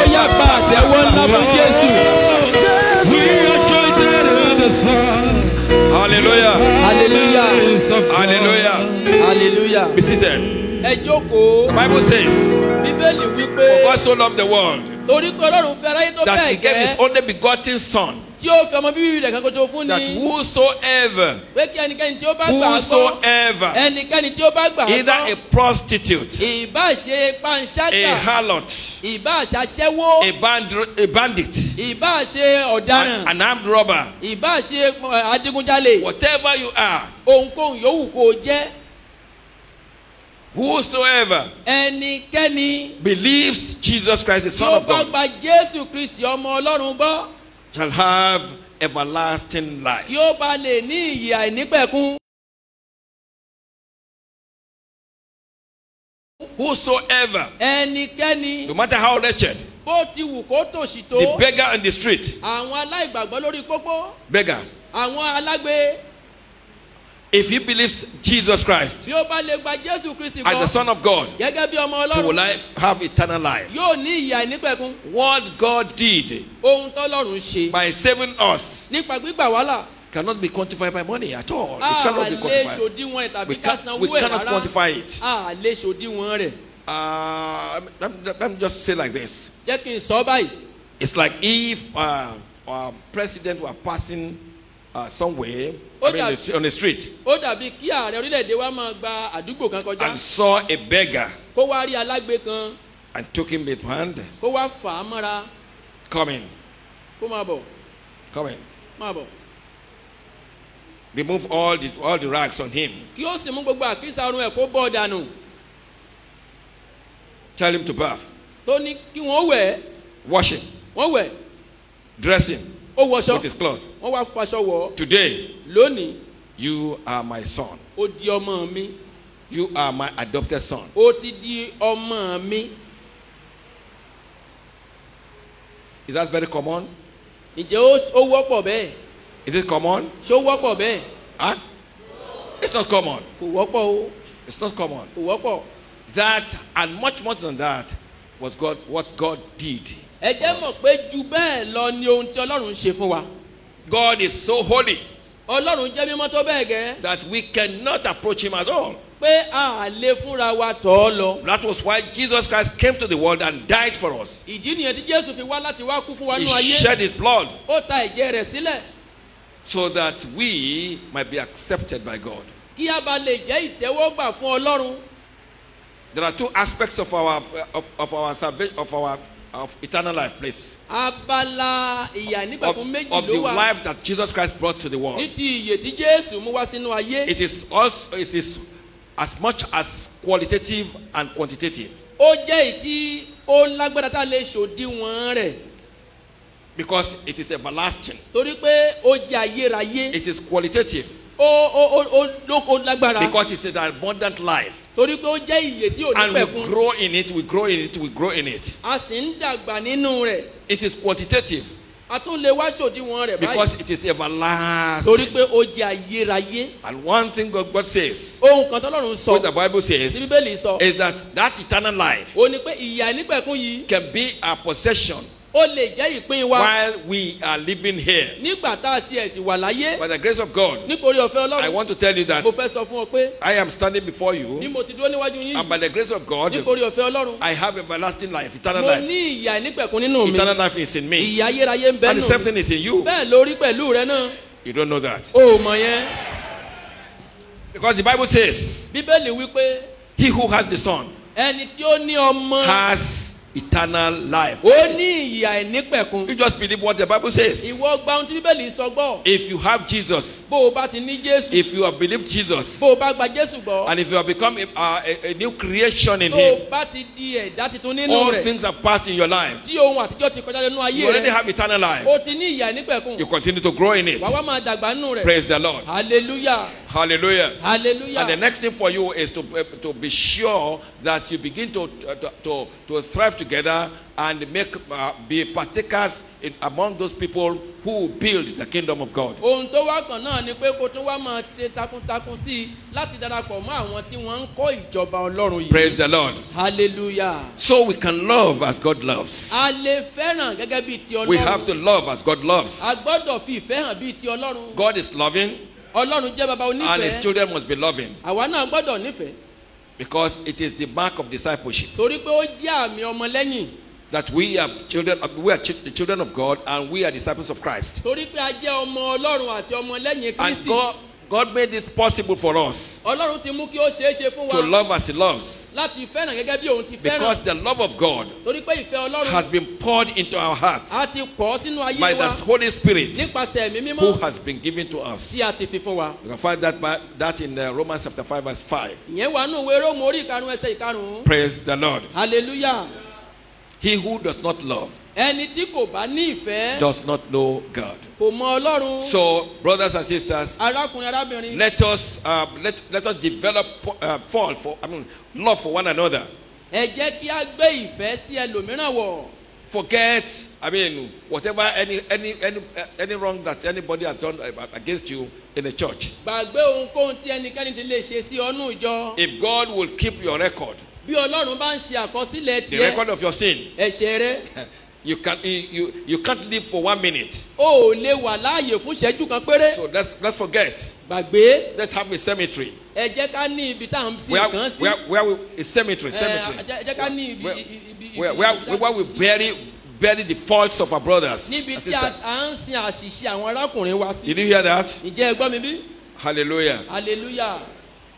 ó yá gba àtẹ́wọ́ Jésù. Hallelujah. Hallelujah. Hallelujah. Hallelujah. Be seated. Ẹ jókòó. The Bible says. Bíbélì wípé. For God so loved the world torí ọlọ́run fẹ́ aráyé tó bẹ́ẹ̀ gẹ́. that he gave his only begotten son. tí ó fi ọmọ bíbí rẹ̀ kan kojú fún ni. that whosoever. pé kí ẹnikẹ́ni tí ó bá gbà á whosoever. ẹnikẹ́ni tí ó bá gbà á either a prostitute. ìbá ṣe panṣágà. a harlot. ìbá ṣaṣẹ́wó. a band a bandit. ìbá ṣe ọ̀daràn. an armed robber. ìbá ṣe eh, adigunjalè. whatever you are. ohunkóhun yòówù kó jẹ́ whosoever ẹnikẹ́ni believes Jesus Christ the son of God tí ó Jésù Kristi ọmọ Ọlọ́run gbọ́ shall have everlasting life. kí bá lè ní ìyè àìnípẹ̀kun. whosoever. ẹnikẹ́ni. no matter how wretched. bó ti wù kó tòṣì tó. the beggar on the street. àwọn aláìgbàgbọ́ lórí pópó. beggar. àwọn alágbe. if he believes Jesus Christ as the Son of God, he will have eternal life. What God did by saving us cannot be quantified by money at all. It ah, cannot be quantified. We, can, we cannot quantify it. Uh, let, let, let, me just say like this. It's like if uh, um, our um, president were passing uh, somewhere I mean, the, on the street. ó dàbí kí ààrẹ orílẹ̀-èdè wa máa gba àdúgbò kan kọjá. and saw a beggar. kó wá rí alágbe kan. and took him with hand. kó wá fà á mọ́ra. come in. kó máa bọ̀. come in. máa bọ̀. remove all the all the rags on him. kí ó sì mú gbogbo àkísà ọrùn ẹ̀ kó bọ́ dànù. tell him to bath. tó ní kí wọ́n wẹ̀. wash him. wọ́n wẹ̀. dress him ó wọṣọ with his cloth. wọ́n wá faṣọ wọ̀. today lónìí. you are my son. O di ọmọ mi. you are my adopted son. O ti di ọmọ mi. is that very common. ǹjẹ́ ó wọ́pọ̀ bẹ́ẹ̀. is it common. ṣé ó wọ́pọ̀ bẹ́ẹ̀. ah it's not common. kò wọ́pọ̀ o. it's not common. kò wọ́pọ̀. that and much more than that was God what God did ẹ jẹ́ mọ̀ pé ju bẹ́ẹ̀ lọ ni ohun tí ọlọ́run ṣe fún wa. God is so holy. ọlọ́run jẹ́ mímọ́ tó bẹ́ẹ̀ gẹ́. that we cannot approach him at all. pé a lè fúnra wa tọ̀ ọ́ lọ. that was why Jesus Christ came to the world and died for us. ìdí nìyẹn tí Jésù fi wá láti wá kú fún wa nú ayé. he shed his blood. ó ta ẹ̀jẹ̀ rẹ̀ sílẹ̀. so that we might be accepted by God. kí a bá lè jẹ́ ìtẹ́wọ́gbà fún ọlọ́run. there are two aspects of our of, of our of our of eternal life please. abala ìyà nígbà méjì ló wà. of the life that Jesus Christ brought to the world. ní ti ìyè tí Jésù mú wá sínú ayé. it is also it is as much as qualitative and quantitative. ó jẹ́ ìtí ó lágbára tá a lè ṣòdiwọ̀n rẹ̀. because it is everlasting. torí pé ó jẹ́ ayérayé. it is qualitative. ó ó ó ó lágbára. because it is an abundant life torí pé ó jẹ́ ìyè tí ò ní pẹ̀kun. and we grow in it we grow in it we grow in it. a sì ń dàgbà nínú rẹ̀. it is quantitative. a tún lè wá ṣòdiwọ̀n rẹ̀ báyìí. because it is everlasting. torí pé ó jẹ́ ayérayé. and one thing God, God says. ohun kan tọ́lọ́run sọ. what the bible says. bíbélì sọ. is that that eternal life. ó ní pé ìyà ìnípẹ̀kun yìí. can be our possession ó lè jẹ́ ìpín wa. while we are living here. nígbà tá a ṣe ẹ̀sìn wà láyé. by the grace of God. nítorí ọ̀fẹ́ ọlọ́run. I want to tell you that. mo fẹ́ sọ fún ọ pé. I am standing before you. ni mo ti dúró níwájú yín. and by the grace of God. nítorí ọ̀fẹ́ ọlọ́run. I have everlasting life eternal life. mo ní ìyà nígbẹ̀kún nínú mi. eternal life is in me. ìyà ayérayé ń bẹ́ẹ̀ nù. and the same thing is in you. bẹ́ẹ̀ lórí pẹ̀lú rẹ náà. you don't know that. o mọ̀ yẹn. because the bible says. bíbélì wípé. he who has the son. ẹni tí ó ní ọmọ. has eternal life. ó ní ìyà you just believe what the bible says. ìwọ gba ohun tí bíbélì sọ gbọ́. if you have jesus. bó o bá ti ní jésù. if you have believed jesus. bó o bá gba jésù gbọ́. and if you have become a, a, a new creation in him. o bá ti di ẹ̀dá nínú rẹ̀. all things have passed in your life. tí ohun àtijọ́ ti kọjá lẹ́nu ayé rẹ. you already have eternal life. o ti ní ìyà you continue to grow in it. wàá wá máa dàgbà rẹ̀. praise the lord. hallelujah. Hallelujah. Hallelujah. And the next thing for you is to, eh, to be sure that you begin to, to, to, thrive together and make, uh, be partakers in, among those people who build the kingdom of God. Praise the Lord. Hallelujah. So we can love as God loves. We have to love as God loves. God is loving. ọlọ́run jẹ́ baba onífẹ̀ẹ́. and his children must be loving. àwa náà gbọ́dọ̀ nífẹ̀ẹ́. because it is the mark of discipleship. torí pé ó jẹ́ àmì ọmọlẹ́yìn. that we are children we are the children of God and we are disciples of Christ. torí pé a jẹ́ ọmọ ọlọ́run àti ọmọlẹ́yìn Kristi. and God God made this possible for us. To love as he loves. Because the love of God. Has been poured into our hearts. By the holy spirit. Who has been given to us. You can find that, by, that in uh, Romans chapter five verse five. Praise the Lord. Hallelujah. He who does not love. Does not know God. kò mọ ọlọ́run. so brothers and sisters. arákùnrin arábìnrin. let us uh, let, let us develop uh, fall for i mean love for one another. ẹ jẹ́ kí a gbé ìfẹ́ sí ẹlòmíràn wọ̀. forget i mean whatever any any any any wrong that anybody has done uh, against you in the church. gbàgbé ohunkóhun tí ẹnikẹ́ni ti lè ṣe sí ọnú ìjọ. if God will keep your record. bí ọlọ́run bá ń ṣe àkọsílẹ̀ tiẹ̀. the record of your sin. ẹ̀ṣẹ̀ rẹ. [laughs] you can you you can't live for one minute. o ò lè wà láàyè fún ìṣẹ́jú kan péré. so let's let's forget. gbàgbé. let's have a cemetery. ẹ jẹ́ ká ní ibi tá à ń sin kan sí. where where where a cemetery cemetery. ẹ jẹ́ ká ní ibi ibi. where where where we bury bury the faults of our brothers. níbi tí a ń sin àṣìṣe àwọn arákùnrin wa sí. did you hear that. ǹjẹ́ ẹ gbọ́ mi bí. hallelujah. hallelujah.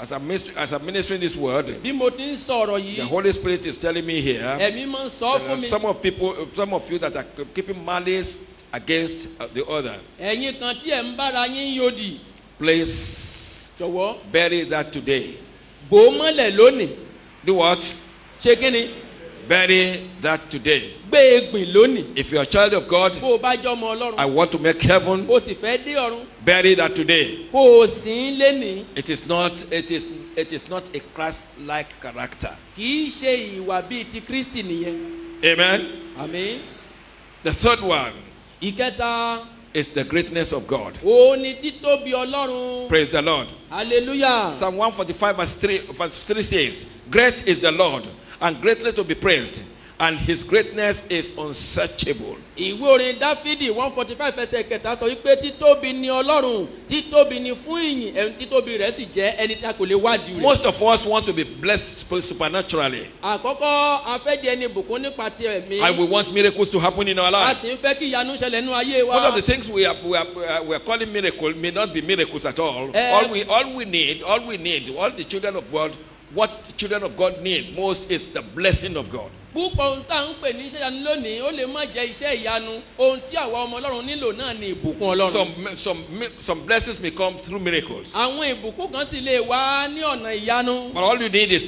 As I'm, as I'm ministering this word, the Holy Spirit is telling me here uh, some of people, some of you that are keeping malice against uh, the other. Please bury that today. Do what? Bury that today. Beg me, lónìí. If you are a child of God. I want to make heaven. Bury that today. It is not it is it is not a Christ-like character. Amen. Amen. The third one. Ìkẹta. the greatness of God. Praise the Lord. Hallelujah. Psalm 145 verse 3, verse 3 says, Great is the Lord and greatly to be praised and his greatness is unsearchable. ìwé orin dáfídì one forty five ẹsẹ̀ kẹta sọ wípé títóbi ni ọlọ́run títóbi ni fún ìyìn ẹni títóbi rẹ̀ sì jẹ́ ẹni tí a kò lè wádìí most of us want to be blessed supernaturally. àkọ́kọ́ afẹ́jẹ́ ẹni bùkún nípa ti ẹ̀mí. and we want miracles to happen in our lives. a sì ń fẹ́ kí ìyanu ṣẹlẹ̀ nínú ayé wa. most of the things we are, we are, we are calling miracles may not be miracles at all. Uh, all, we, all we need all we need all the children of God What children of God need most is the blessing of God púpọ̀ ohun tá à ń pè ní iṣẹ́ ìyanu lónìí ó lè má jẹ́ iṣẹ́ ìyanu ohun tí àwa ọmọ ọlọ́run nílò náà ni ìbùkún ọlọ́run. some some some blessings may come through miracles. àwọn ìbùkún kan sì lè wá ní ọ̀nà ìyanu. but all you need is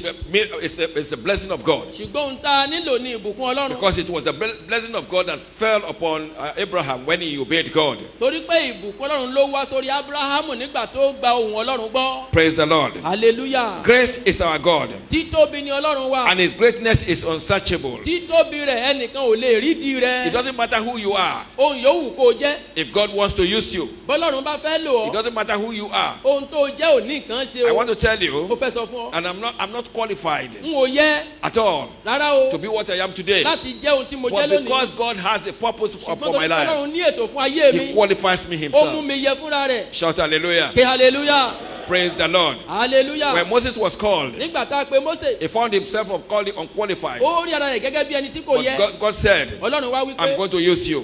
is is the blessing of God. ṣùgbọ́n ohun tá a nílò ni ìbùkún ọlọ́run. because it was the blessing of God that fell upon uh, Abraham when he obeyed God. torí pé ìbùkún ọlọ́run ló wá sórí Abrahamu nígbà tó gba ohun ọlọ́run gbọ́. praise the Lord. hallelujah. great is our God. títóbi ni ọlọ́run wa. and his greatness is unsearchable ẹnìkan ò lè rẹ̀. it doesn't matter who you are. ohun yòówù kó o jẹ́. if God wants to use you. bọ́lọ́run bá fẹ́ lò ọ́. it doesn't matter who you are. ohun tó o jẹ́ ò ní nǹkan ṣe o. I want to tell you. mo fẹ́ sọ fún ọ. and I'm not I'm not qualified. n ò yẹ. at all. rárá o. to be what I am today. láti jẹ́ ohun tí mo jẹ́ lónìí. but because God has a purpose for, for my life. ṣùgbọ́n tó ní ètò fún ayé mi. he qualifies me himself. ó mú mi yẹ fúnra rẹ̀. shout hallelujah. hallelujah. Praise the Lord. Hallelujah. When Moses was called, He found himself of called unqualified. But God, God said, pé. I'm going to use you.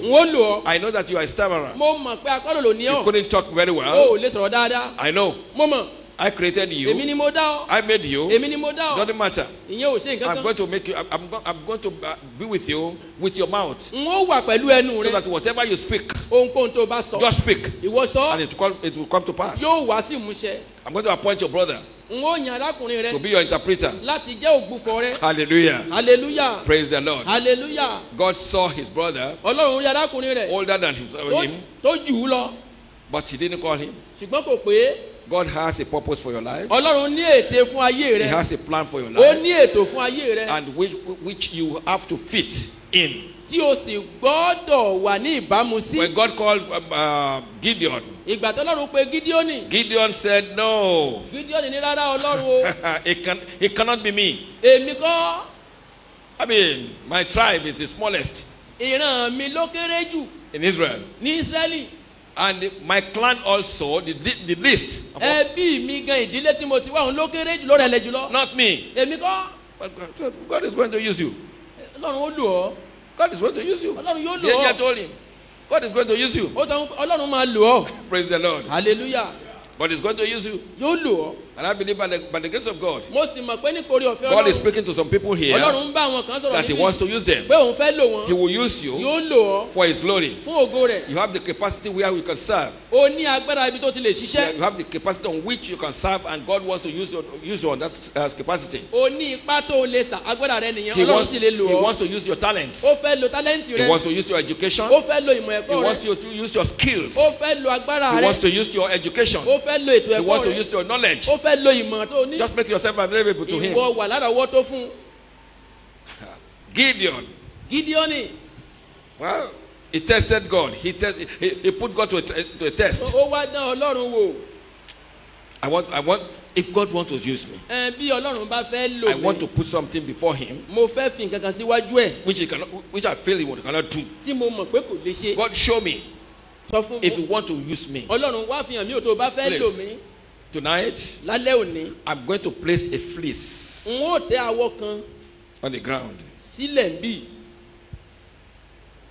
I know that you are a stammerer. You couldn't talk very well. I know. I created you. Èmi ni mo dá ọ. I made you. Èmi ni mo dá ọ. Doesn't matter. Ìyẹn ò ṣe nǹkan kan. I'm going to make you I'm, I'm going to uh, be with you with your mouth. N ó wà pẹ̀lú ẹnu rẹ. So that whatever you speak. Ohunkóhun tó o bá sọ. Just speak. Ìwọ sọ. And it will come, it will come to pass. Yóò wá sí ìmúṣẹ. I'm going to appoint your brother. N ó yan arákùnrin rẹ. To be your interpreter. Láti jẹ́ ògbufọ̀ rẹ. Hallelujah. Hallelujah. Praise the Lord. Hallelujah. God saw his brother. Ọlọ́run rí arákùnrin rẹ̀. Older than himself. Tó jù ú lọ but he didn't call him. ṣùgbọ́n kò pé. God has a purpose for your life. Ọlọ́run ní ète fún ayé rẹ. He has a plan for your life. Ó ní ètò fún ayé rẹ. And which, which you have to fit in. Tí o sì gbọ́dọ̀ wà ní ìbámu sí. When God called um, uh, Gideon. Ìgbà tó lọ́run pe Gideoni. Gideon said no. Gideoni ní rárá Ọlọ́run o. [laughs] It it cannot be me. Èmi kọ́. I mean my tribe is the smallest. Ìran mi ló kéré jù. In Israel. Ní Ísírẹ́lì and my clan also the the, the list. ẹbí mi gan ìdílé tí mo ti wá òun ló kéré jùlọ rẹ̀ lẹ̀ jùlọ. not me. èmi kọ́. so God is going to use you. ọlọ́run ó lò ọ́. God is going to use you. ọlọ́run yóò lò ọ́. yẹ́n yẹ́ told him God is going to use you. ó sọ ọlọ́run máa lò ọ́. [laughs] praise the Lord. hallelujah. God is going to use you. yóò lò ọ́. And I believe by the, by the grace of God, God is speaking to some people here that He wants to use them. He will use you for His glory. You have the capacity where you can serve. You have the capacity on which you can serve, and God wants to use you, use you on that uh, capacity. He wants, he wants to use your talents. He wants to use your education. He wants to use, use your skills. He wants to use your education. He wants to use your knowledge fẹ́ lo ìmọ̀ tó ní. just make yourself available to him. ìwọ wà láràwọ́ tó fún. [laughs] Gideon. Gideoni. well he tested God he test he, he put God to a, to a test. ó wá dán Ọlọ́run wò. I want I want if God want to use me. ẹ bí Ọlọ́run bá fẹ́ lò mí. I want to put something before him. mo fẹ́ fi nǹkan kan síwájú ẹ̀. which he cannot which I feel he cannot do. tí mo mọ̀ pé kò lè ṣe. God show me. sọ fún mi. if you want to use me. Ọlọ́run wá fi hàn mí o tó o bá fẹ́ lò mí. please. Tonight, lálẹ́ òní. I'm going to place a fleece. N ó tẹ awọ kan. On the ground. Sílẹ̀ ń bì.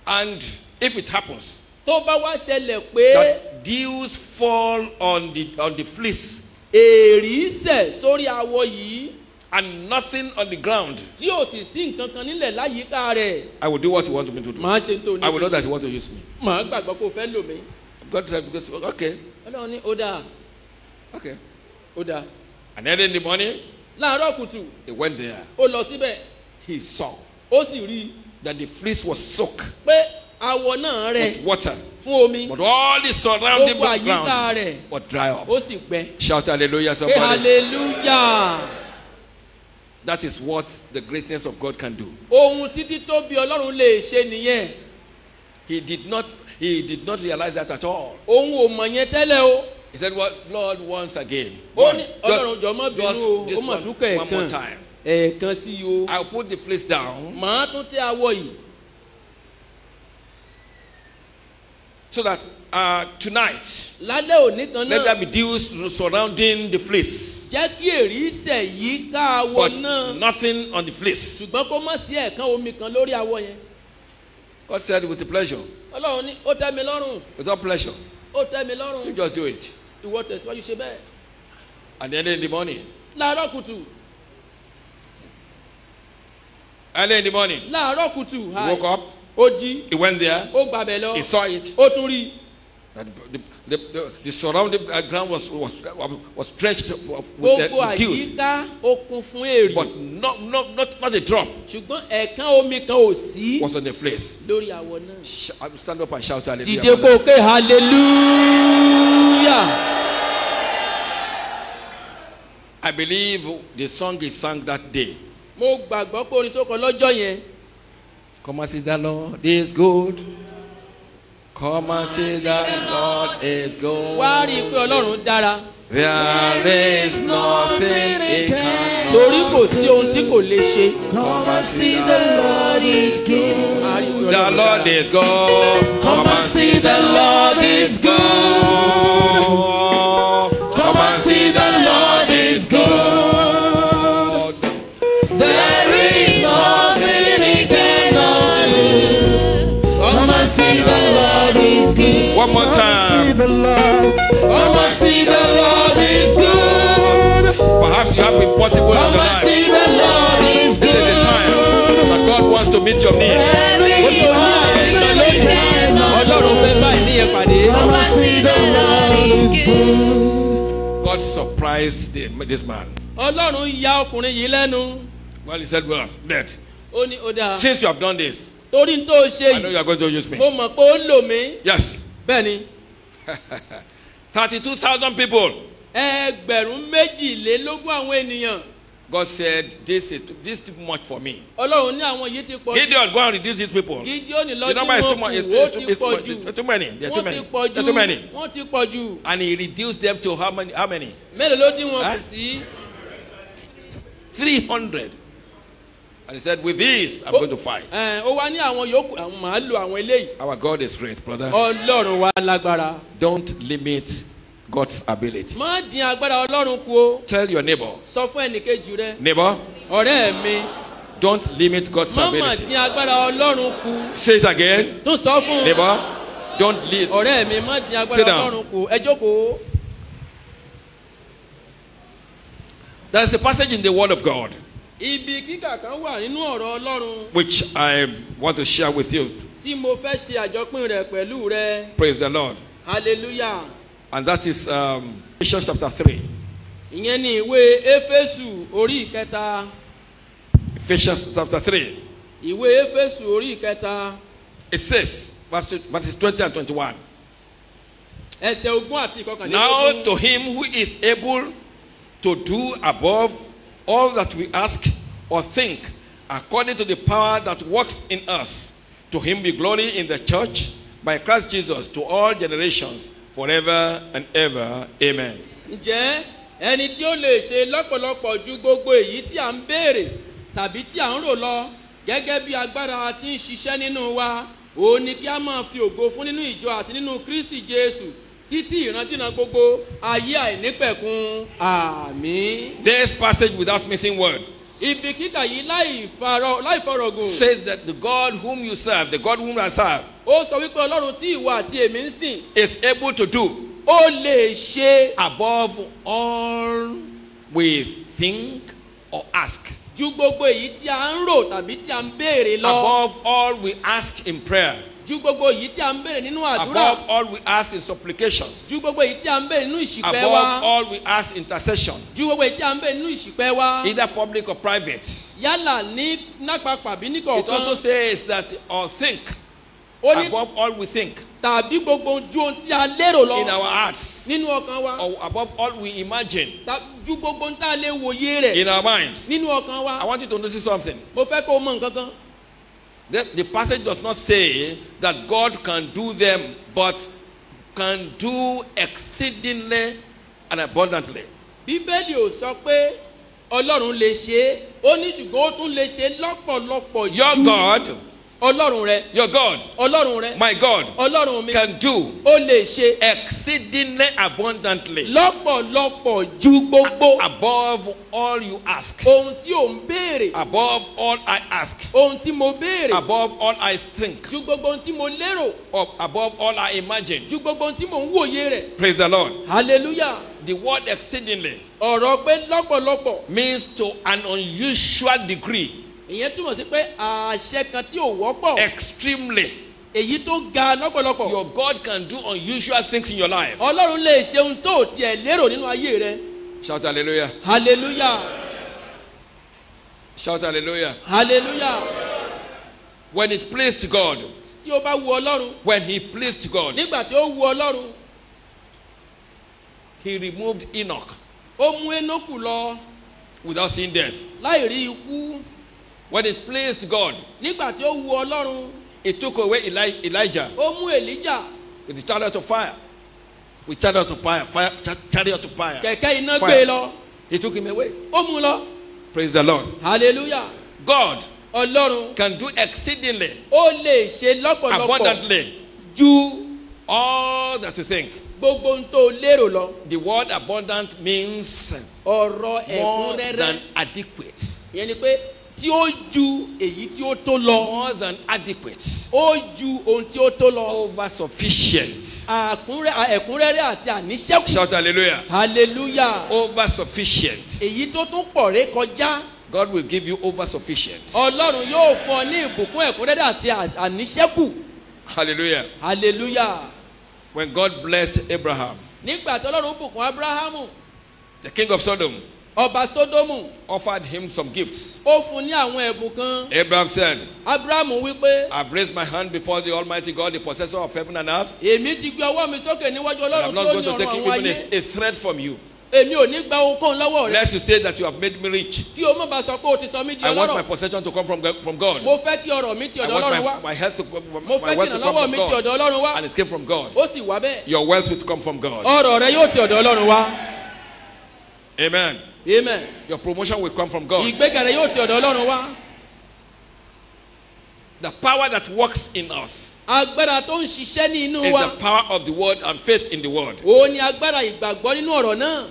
And if it happens. Tó bá wá ṣẹlẹ̀ pé. That dews fall on the on the fleece. Èrì sẹ̀ sórí awọ yìí. And nothing on the ground. Tí o sì sí nǹkan kan nílẹ̀ láyìíká rẹ̀. I will do what you want me to do. Màá ṣe tó ní. I will know that you want to use me. Màá gbàgbọ́ kó o fẹ́ lò mí. God said because okay. Ọlọ́run ní ó dáa okay. ó dáa. and early in the morning. láàárọ̀ kùtù. he went there. ó lọ síbẹ̀. he saw. ó sì rí that the fleece was soaked. pé awọ náà rẹ. with water. fún omi. but all the surrounding ground. gbogbo àyíká rẹ̀. was dry up. ó sì gbẹ. shout hallelujah somebody. hey hallelujah. that is what the greatness of God can do. ohun títí tóbi ọlọ́run lè ṣe nìyẹn. he did not he did not realize that at all. òun ò mọ̀ yẹn tẹ́lẹ̀ o he said what lord once again. one ní ọlọ́run jọ mọ́ bínú o ó mọ̀ sí o. i will put the place down. màá tún tẹ awọ yìí. so that uh, tonight. lálẹ́ òní kan náà. let there be deals surrounding the place jẹ́ kí èrí sẹ̀ yí ká awọ náà. but nothing on the place. ṣùgbọ́n kó mọ̀ sí ẹ̀ẹ̀kan omi kan lórí awọ yẹn. God said with pleasure. ọlọ́run ní ó tẹ́ mi lọ́rùn. with pleasure. ó tẹ́ mi lọ́rùn. you just do it ìwọ tẹ̀síwájú ṣe bẹ́ẹ̀. at the end the morning. láàárọ̀ kùtù. early in the morning. láàárọ̀ kùtù. he woke up. ó jí. he went there. ó gbàbẹ̀ lọ. he saw it. ó tún rí that the the the, the surrounding ground was was was stretched with the dews. gbogbo àyíká okun fún èrè. but not not not not a drop. ṣùgbọ́n ẹ̀ẹ̀kan omi kan ò sí. was on the place. lórí àwọ̀ náà. stand up and shout hallelujah. dìde kò ké hallelujah. Hallelujah. I believe the song is sung that day. Mo gbàgbọ́ pé orin tó kọ lọ́jọ́ yẹn. Come and see the Lord is good. Come and see the Lord is good. Wá rí i pé Ọlọ́run dára. There is nothing it can do. Torí kò sí ohun tí kò lè ṣe. Come and see the Lord is good. The Lord is good. Come and see the Lord is good. have impossible in your life. This is the time that God wants to meet your need. Ọlọ́run fẹ́ báyìí ní ìpàdé. God surprised the, this man. Ọlọ́run ya ọkùnrin yìí lẹ́nu. Well he said well dead. Ó ní ó dáa. Since you have done this. Torí tó ṣe yìí. I know you are going to use me. Mo mọ̀ pé ó lò mí. Yes. Bẹ́ẹ̀ni. [laughs] Thirty-two thousand people ẹgbẹ̀rún méjìlélógún àwọn ènìyàn. God said, this is too, this is too much for me. Ọlọ́run ní àwọn yìí ti pọ̀ Gideon go and reduce these people. Gideon lọ sí wọn kù, ó ti pọ̀ jù. Too many, there are too many, there are too many. Wọ́n ti pọ̀ And he reduced them to how many? How many? Mélòó ló dín wọn kù sí? Three hundred. And he said, with this, I'm oh, going to fight. Ó wá ní àwọn yòókù, màálù, àwọn eléyìí. Our God is great, brother. Ọlọ́run wa lágbára. Don't limit God's ability. Má dín agbára Ọlọ́run kù o. Tell your neighbor. Sọ fún ẹnìkejì rẹ. Neighbor. Ọ̀rẹ́ mi. Don't limit God's Mama ability. Má dín agbára Ọlọ́run kù. Say it again. Tún sọ fún. Neighbor. Don't limit. Ọ̀rẹ́ mi má dín agbára Ọlọ́run kù. Ẹ jókòó. There is a passage in the word of God. Ibi kíkà kan wà nínú ọ̀rọ̀ Ọlọ́run. Which I want to share with you. Tí mo fẹ́ ṣe àjọpín rẹ̀ pẹ̀lú rẹ. Praise the Lord. Hallelujah. And that is um, Ephesians chapter 3. Ìyẹn ni ìwé Éfésù orí keta. Ephesians chapter 3. Ìwé Éfésù orí keta. It says, verse, verses 20 and 21. Now to him who is able to do above all that we ask or think according to the power that works in us. To him be glory in the church by Christ Jesus to all generations forever and ever amen. ǹjẹ́ ẹni tí ó lè ṣe lọ́pọ̀lọpọ̀ ju gbogbo èyí tí à ń béèrè tàbí tí à ń rò lọ gẹ́gẹ́ bí agbára ti ń ṣiṣẹ́ nínú wa òun ni kí a máa fi ògo fún nínú ìjọ àti nínú kristi jésù títí ìrandíran gbogbo ayé àìnípẹ̀kun àmín. this passage without missing word. ibi kíkà yìí láì fọ̀rọ̀gùn. says that the God whom you serve the God whom I serve ó sọ wípé ọlọ́run tí ìwọ àti èmi ń sìn. is able to do. ó lè ṣe. above all we think or ask. ju gbogbo èyí tí a ń rò tàbí tí a ń béèrè lọ. above all we ask in prayer. ju gbogbo èyí tí a ń béèrè nínú àdúrà. above all we ask in supplications. ju gbogbo èyí tí a ń béèrè nínú ìṣìpẹ́ wa. above all we ask intercession. ju gbogbo èyí tí a ń béèrè nínú ìṣìpẹ́ wa. either public or private. yálà ní lápapọ̀ àbí ní kọ̀ọ̀kan. it also says that or think above all we think. tàbí gbogbo ju ohun tí a lérò lọ. in our hearts. nínú ọkàn wa. or above all we imagine. ju gbogbo ohun tí a lè wòye rẹ̀. in our minds. nínú ọkàn wa. I want you to notice something. mo fẹ́ kó o mọ nǹkan kan. The, the passage does not say that God can do them but can do exceedingly and abundantly. bíbélì ò sọ pé ọlọ́run lè ṣe é ó ní ṣùgbọ́n ó tún lè ṣe lọ́pọ̀lọpọ̀ jù. your God ọlọ́run rẹ. your God. ọlọ́run rẹ. my God. ọlọ́run mi. can do. ó lè ṣe. exceedingly abundantly. lọ́pọ̀lọpọ̀ ju gbogbo. above all you ask. ohun tí o ń béèrè. above all I ask. ohun tí mo béèrè. above all I think. ju gbogbo ohun tí mo lérò. above all I imagine. ju gbogbo ohun tí mo ń wòye rẹ̀. praise the lord. hallelujah. the word exceedingly. ọ̀rọ̀ pé lọ́pọ̀lọpọ̀. means to an unusual degree ìyẹn túmọ̀ sí pé àṣẹ kan tí ò wọ́pọ̀. extremely. èyí tó ga lọ́pọ̀lọpọ̀. your God can do unusual things in your life. ọlọ́run lè ṣe ohun tó tiẹ̀ lérò nínú ayé rẹ. shout hallelujah. hallelujah. shout hallelujah. hallelujah. when it pleased God. tí ó bá wu ọlọ́run. when he pleased God. nígbà tí ó wu ọlọ́run. he removed Enoch. ó mú Enoch lọ. without seeing death. láì rí ikú when it pleased God. nígbà tí ó wu ọlọ́run. he took away Eli Elijah. ó mú Elijah. with the chariot of fire with chariot of fire fire chariot of fire. kẹ̀kẹ́ iná gbé e lọ. he took him away. ó mú lọ. praise the Lord. hallelujah. God. ọlọ́run. can do exceedingly. ó lè ṣe lọ́pọ̀lọpọ̀. abundantly. ju. all that you think. gbogbo ń tó lérò lọ. the word abundant means. ọ̀rọ̀ ẹ̀kúnrẹ́rẹ́. more than adequate. yẹn ni pé tí ó ju èyí tí ó tó lọ. more than adequate. ó ju ohun tí ó tó lọ. over sufficient. àkúnrẹ́ ẹ̀kúnrẹ́rẹ́ àti àníṣẹ́kù. shout hallelujah. hallelujah. over sufficient. èyí tó tún pọ̀ ré kọjá. God will give you over sufficient. Ọlọ́run yóò fún ọ ní ìbùkún ẹ̀kúnrẹ́rẹ́ àti àníṣẹ́kù. hallelujah. hallelujah. when God blessed Abraham. nígbà tí Ọlọ́run bùkún Abrahamu. the king of Sodom ọba sodomu. offered him some gifts. ó fún ní àwọn ẹ̀bùn kan. abraham said. abraham wípé. i have raised my hand before the almighty God the possessor of heaven and earth. èmi ti gbé ọwọ́ mi sókè níwájú ọlọ́run tó ní ọ̀run àwọn ayé. and i am not going to take even a, a threat from you. èmi ò ní gba ohunkóhun lọ́wọ́ rẹ. lest you say that you have made me rich. kí o mọ̀ bá sọ pé o ti sọ mí di ọlọ́rọ̀. I want my possession to come from, from God. mo fẹ́ kí ọrọ̀ mi ti ọ̀dọ̀ ọlọ́run wá. I want my, my health to, to come from God. mo fẹ́ kí ìrànlọ́wọ́ mi ti ọ̀dọ̀ ọlọ́run wá. and it came from God. ó sì wá bẹ́ẹ̀. your wealth will come from God. ọrọ̀ rẹ yóò ti ọ̀dọ̀ ọlọ́run wá. Amen. Amen. Your promotion will come from God. The power that works in us. Is the power of the word and faith in the word.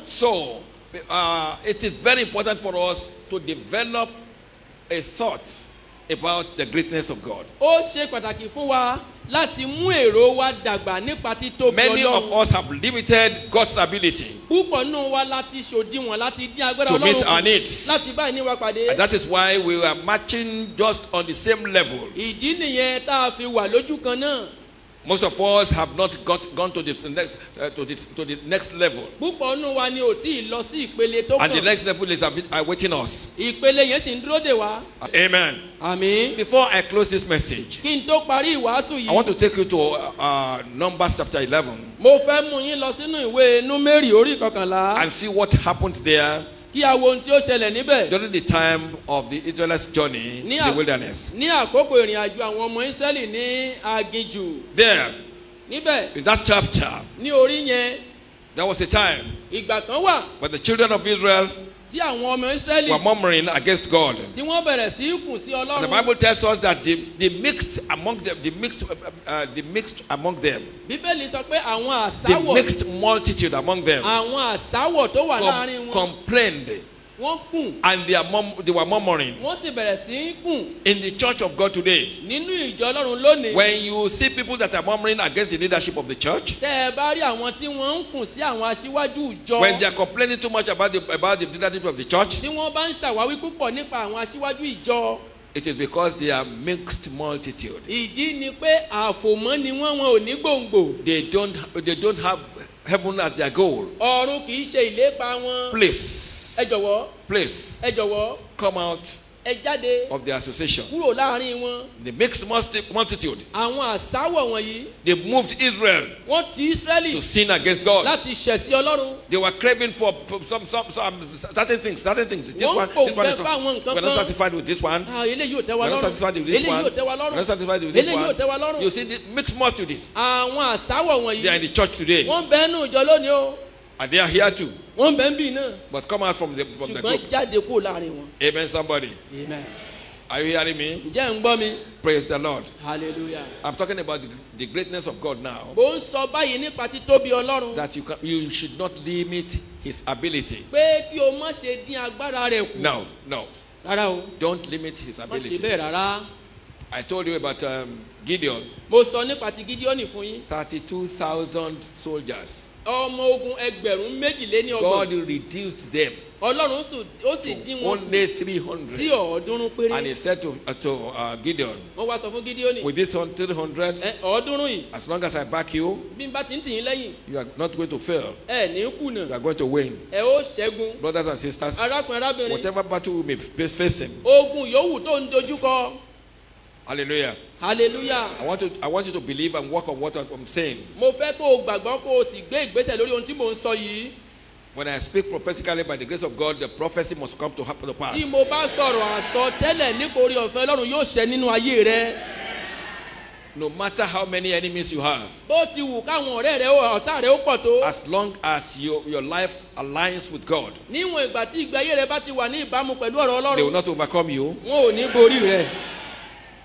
So uh, it is very important for us to develop a thought about the greatness of God. láti mú èrò wa dàgbà nípa títóbi ọlọ́run. many of us have limited God's ability. púpọ̀ nù wa láti ṣòdiwọ̀n láti dín agbára ọlọ́run to meet our needs. láti bá ìní wa pàdé. and that is why we are matching just on the same level. ìdí nìyẹn tá a fi wà lójú kan náà. Most of us have not got gone to the next uh, to, the, to the next level. And the next level is awaiting us. Ìpele Amen. Before I close this message. I want to take you to uh, Numbers chapter eleven. And see what happened there. kí a wo ohun tí ó ṣẹlẹ̀ níbẹ̀. during the time of the israelites journey in the wilderness. ní àkókò ìrìn àjò àwọn ọmọ israẹli ní aginjù. there. níbẹ̀. in that chapter. ní orí yẹn. there was a time. ìgbà kan wà. when the children of israel. were murmuring against God. the bible tells us that the the mixed among them the mixed uh, uh mixed among them. The mixed multitude among them. àwọn tó complained. wọ́n kùn. and they, are murm- they were murmuring. wọ́n sì bẹ̀rẹ̀ sí í kùn. in the church of God today. nínú ìjọ ọlọ́run lónìí. when you see people that are murmuring against the leadership of the church. tẹ́ ẹ bá rí àwọn tí wọ́n ń kùn sí àwọn aṣíwájú ìjọ. when they are complaining too much about the about the leadership of the church. tí wọ́n bá ń ṣàwáwí púpọ̀ nípa àwọn aṣíwájú ìjọ. It is because they are mixed multitude. Ìdí ni pé àfòmọ́ ni wọ́n wọn ò ní gbòǹgbò. They don't they don't have heaven as their goal. Ọ̀run kì í ṣe ìlépa wọn. Please. ẹ please come out of the association they mixed multitude. they moved Israel. wọ́n ti to sin against God. láti ṣẹ̀sí Ọlọ́run. they were craving for some some some certain things certain things. this one this one is not we are ah, not satisfied with this one. we are not satisfied with this one. we are not satisfied with this one. you see they mixed multitude. they are in the church today. and they are here too. wọ́n bẹ̀ ń bì náà. but come out from the from the group. ṣùgbọ́n jáde kúrò láàrin wọn. amen somebody. amen. Are you hearing me? Ǹjẹ́ ń gbọ́ mi? Praise the Lord. Hallelujah. I'm talking about the, the greatness of God now. Mo ń sọ báyìí nípa títóbi Ọlọ́run. That you, can, you should not limit his ability. Pé kí o má ṣe dín agbára rẹ̀ kù. No, no. Rárá o. Don't limit his ability. Má ṣe bẹ́ẹ̀ rárá. I told you about um, Gideon. Mo sọ nípa ti Gideon fún yín. Thirty-two thousand soldiers ọmọ ogun ẹgbẹ̀rún méjìléní ọgbọ̀n. God reduced them. ọlọ́run ó sì dín wọn only three hundred. sí ọ̀ọ́dúnrún péré. and he said to, uh, to uh, Gideon. wọ́n wá sọ fún Gideon. with this one three hundred. ọ̀ọ́dúnrún yìí. as long as I back you. bí n bá ti ń tì yín lẹ́yìn. you are not going to fail. ẹ ní kùnà. you are going to win. ẹ ó ṣẹ́gun. brothers and sisters. arákùnrin arábìnrin. whatever battle we may be facing. ogun yòówù tó ń dojú kọ. Hallelujah. Hallelujah. I want, to, I want you to believe and work on what I'm saying. Mo fẹ́ kó o gbàgbọ́ kó o sì gbé ìgbésẹ̀ lórí ohun tí mò ń sọ yìí. When I speak prophetically by the grace of God, the prophecy must come to happen to pass. Tí mo bá sọ̀rọ̀ àsọtẹ́lẹ̀ nítorí ọ̀fẹ́ Ọlọ́run yóò ṣẹ nínú ayé rẹ. No matter how many enemies you have. Bó ti wù káwọn ọ̀rẹ́ rẹ ọ̀tá rẹ ó pọ̀ tó. As long as your, your life aligns with God. Níwọ̀n ìgbà tí ìgbé ayé rẹ bá ti wà ní ìbámu pẹ̀lú ọ̀rọ̀ Ọlọ́run. They will not overcome you. Wọn ò ní borí rẹ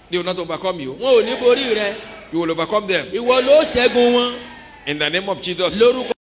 they will not overcome you. wọn ò ní borí rẹ. you will overcome them. ìwọ ló ṣẹ́gun wọn. in the name of Jesus. lórúkọ.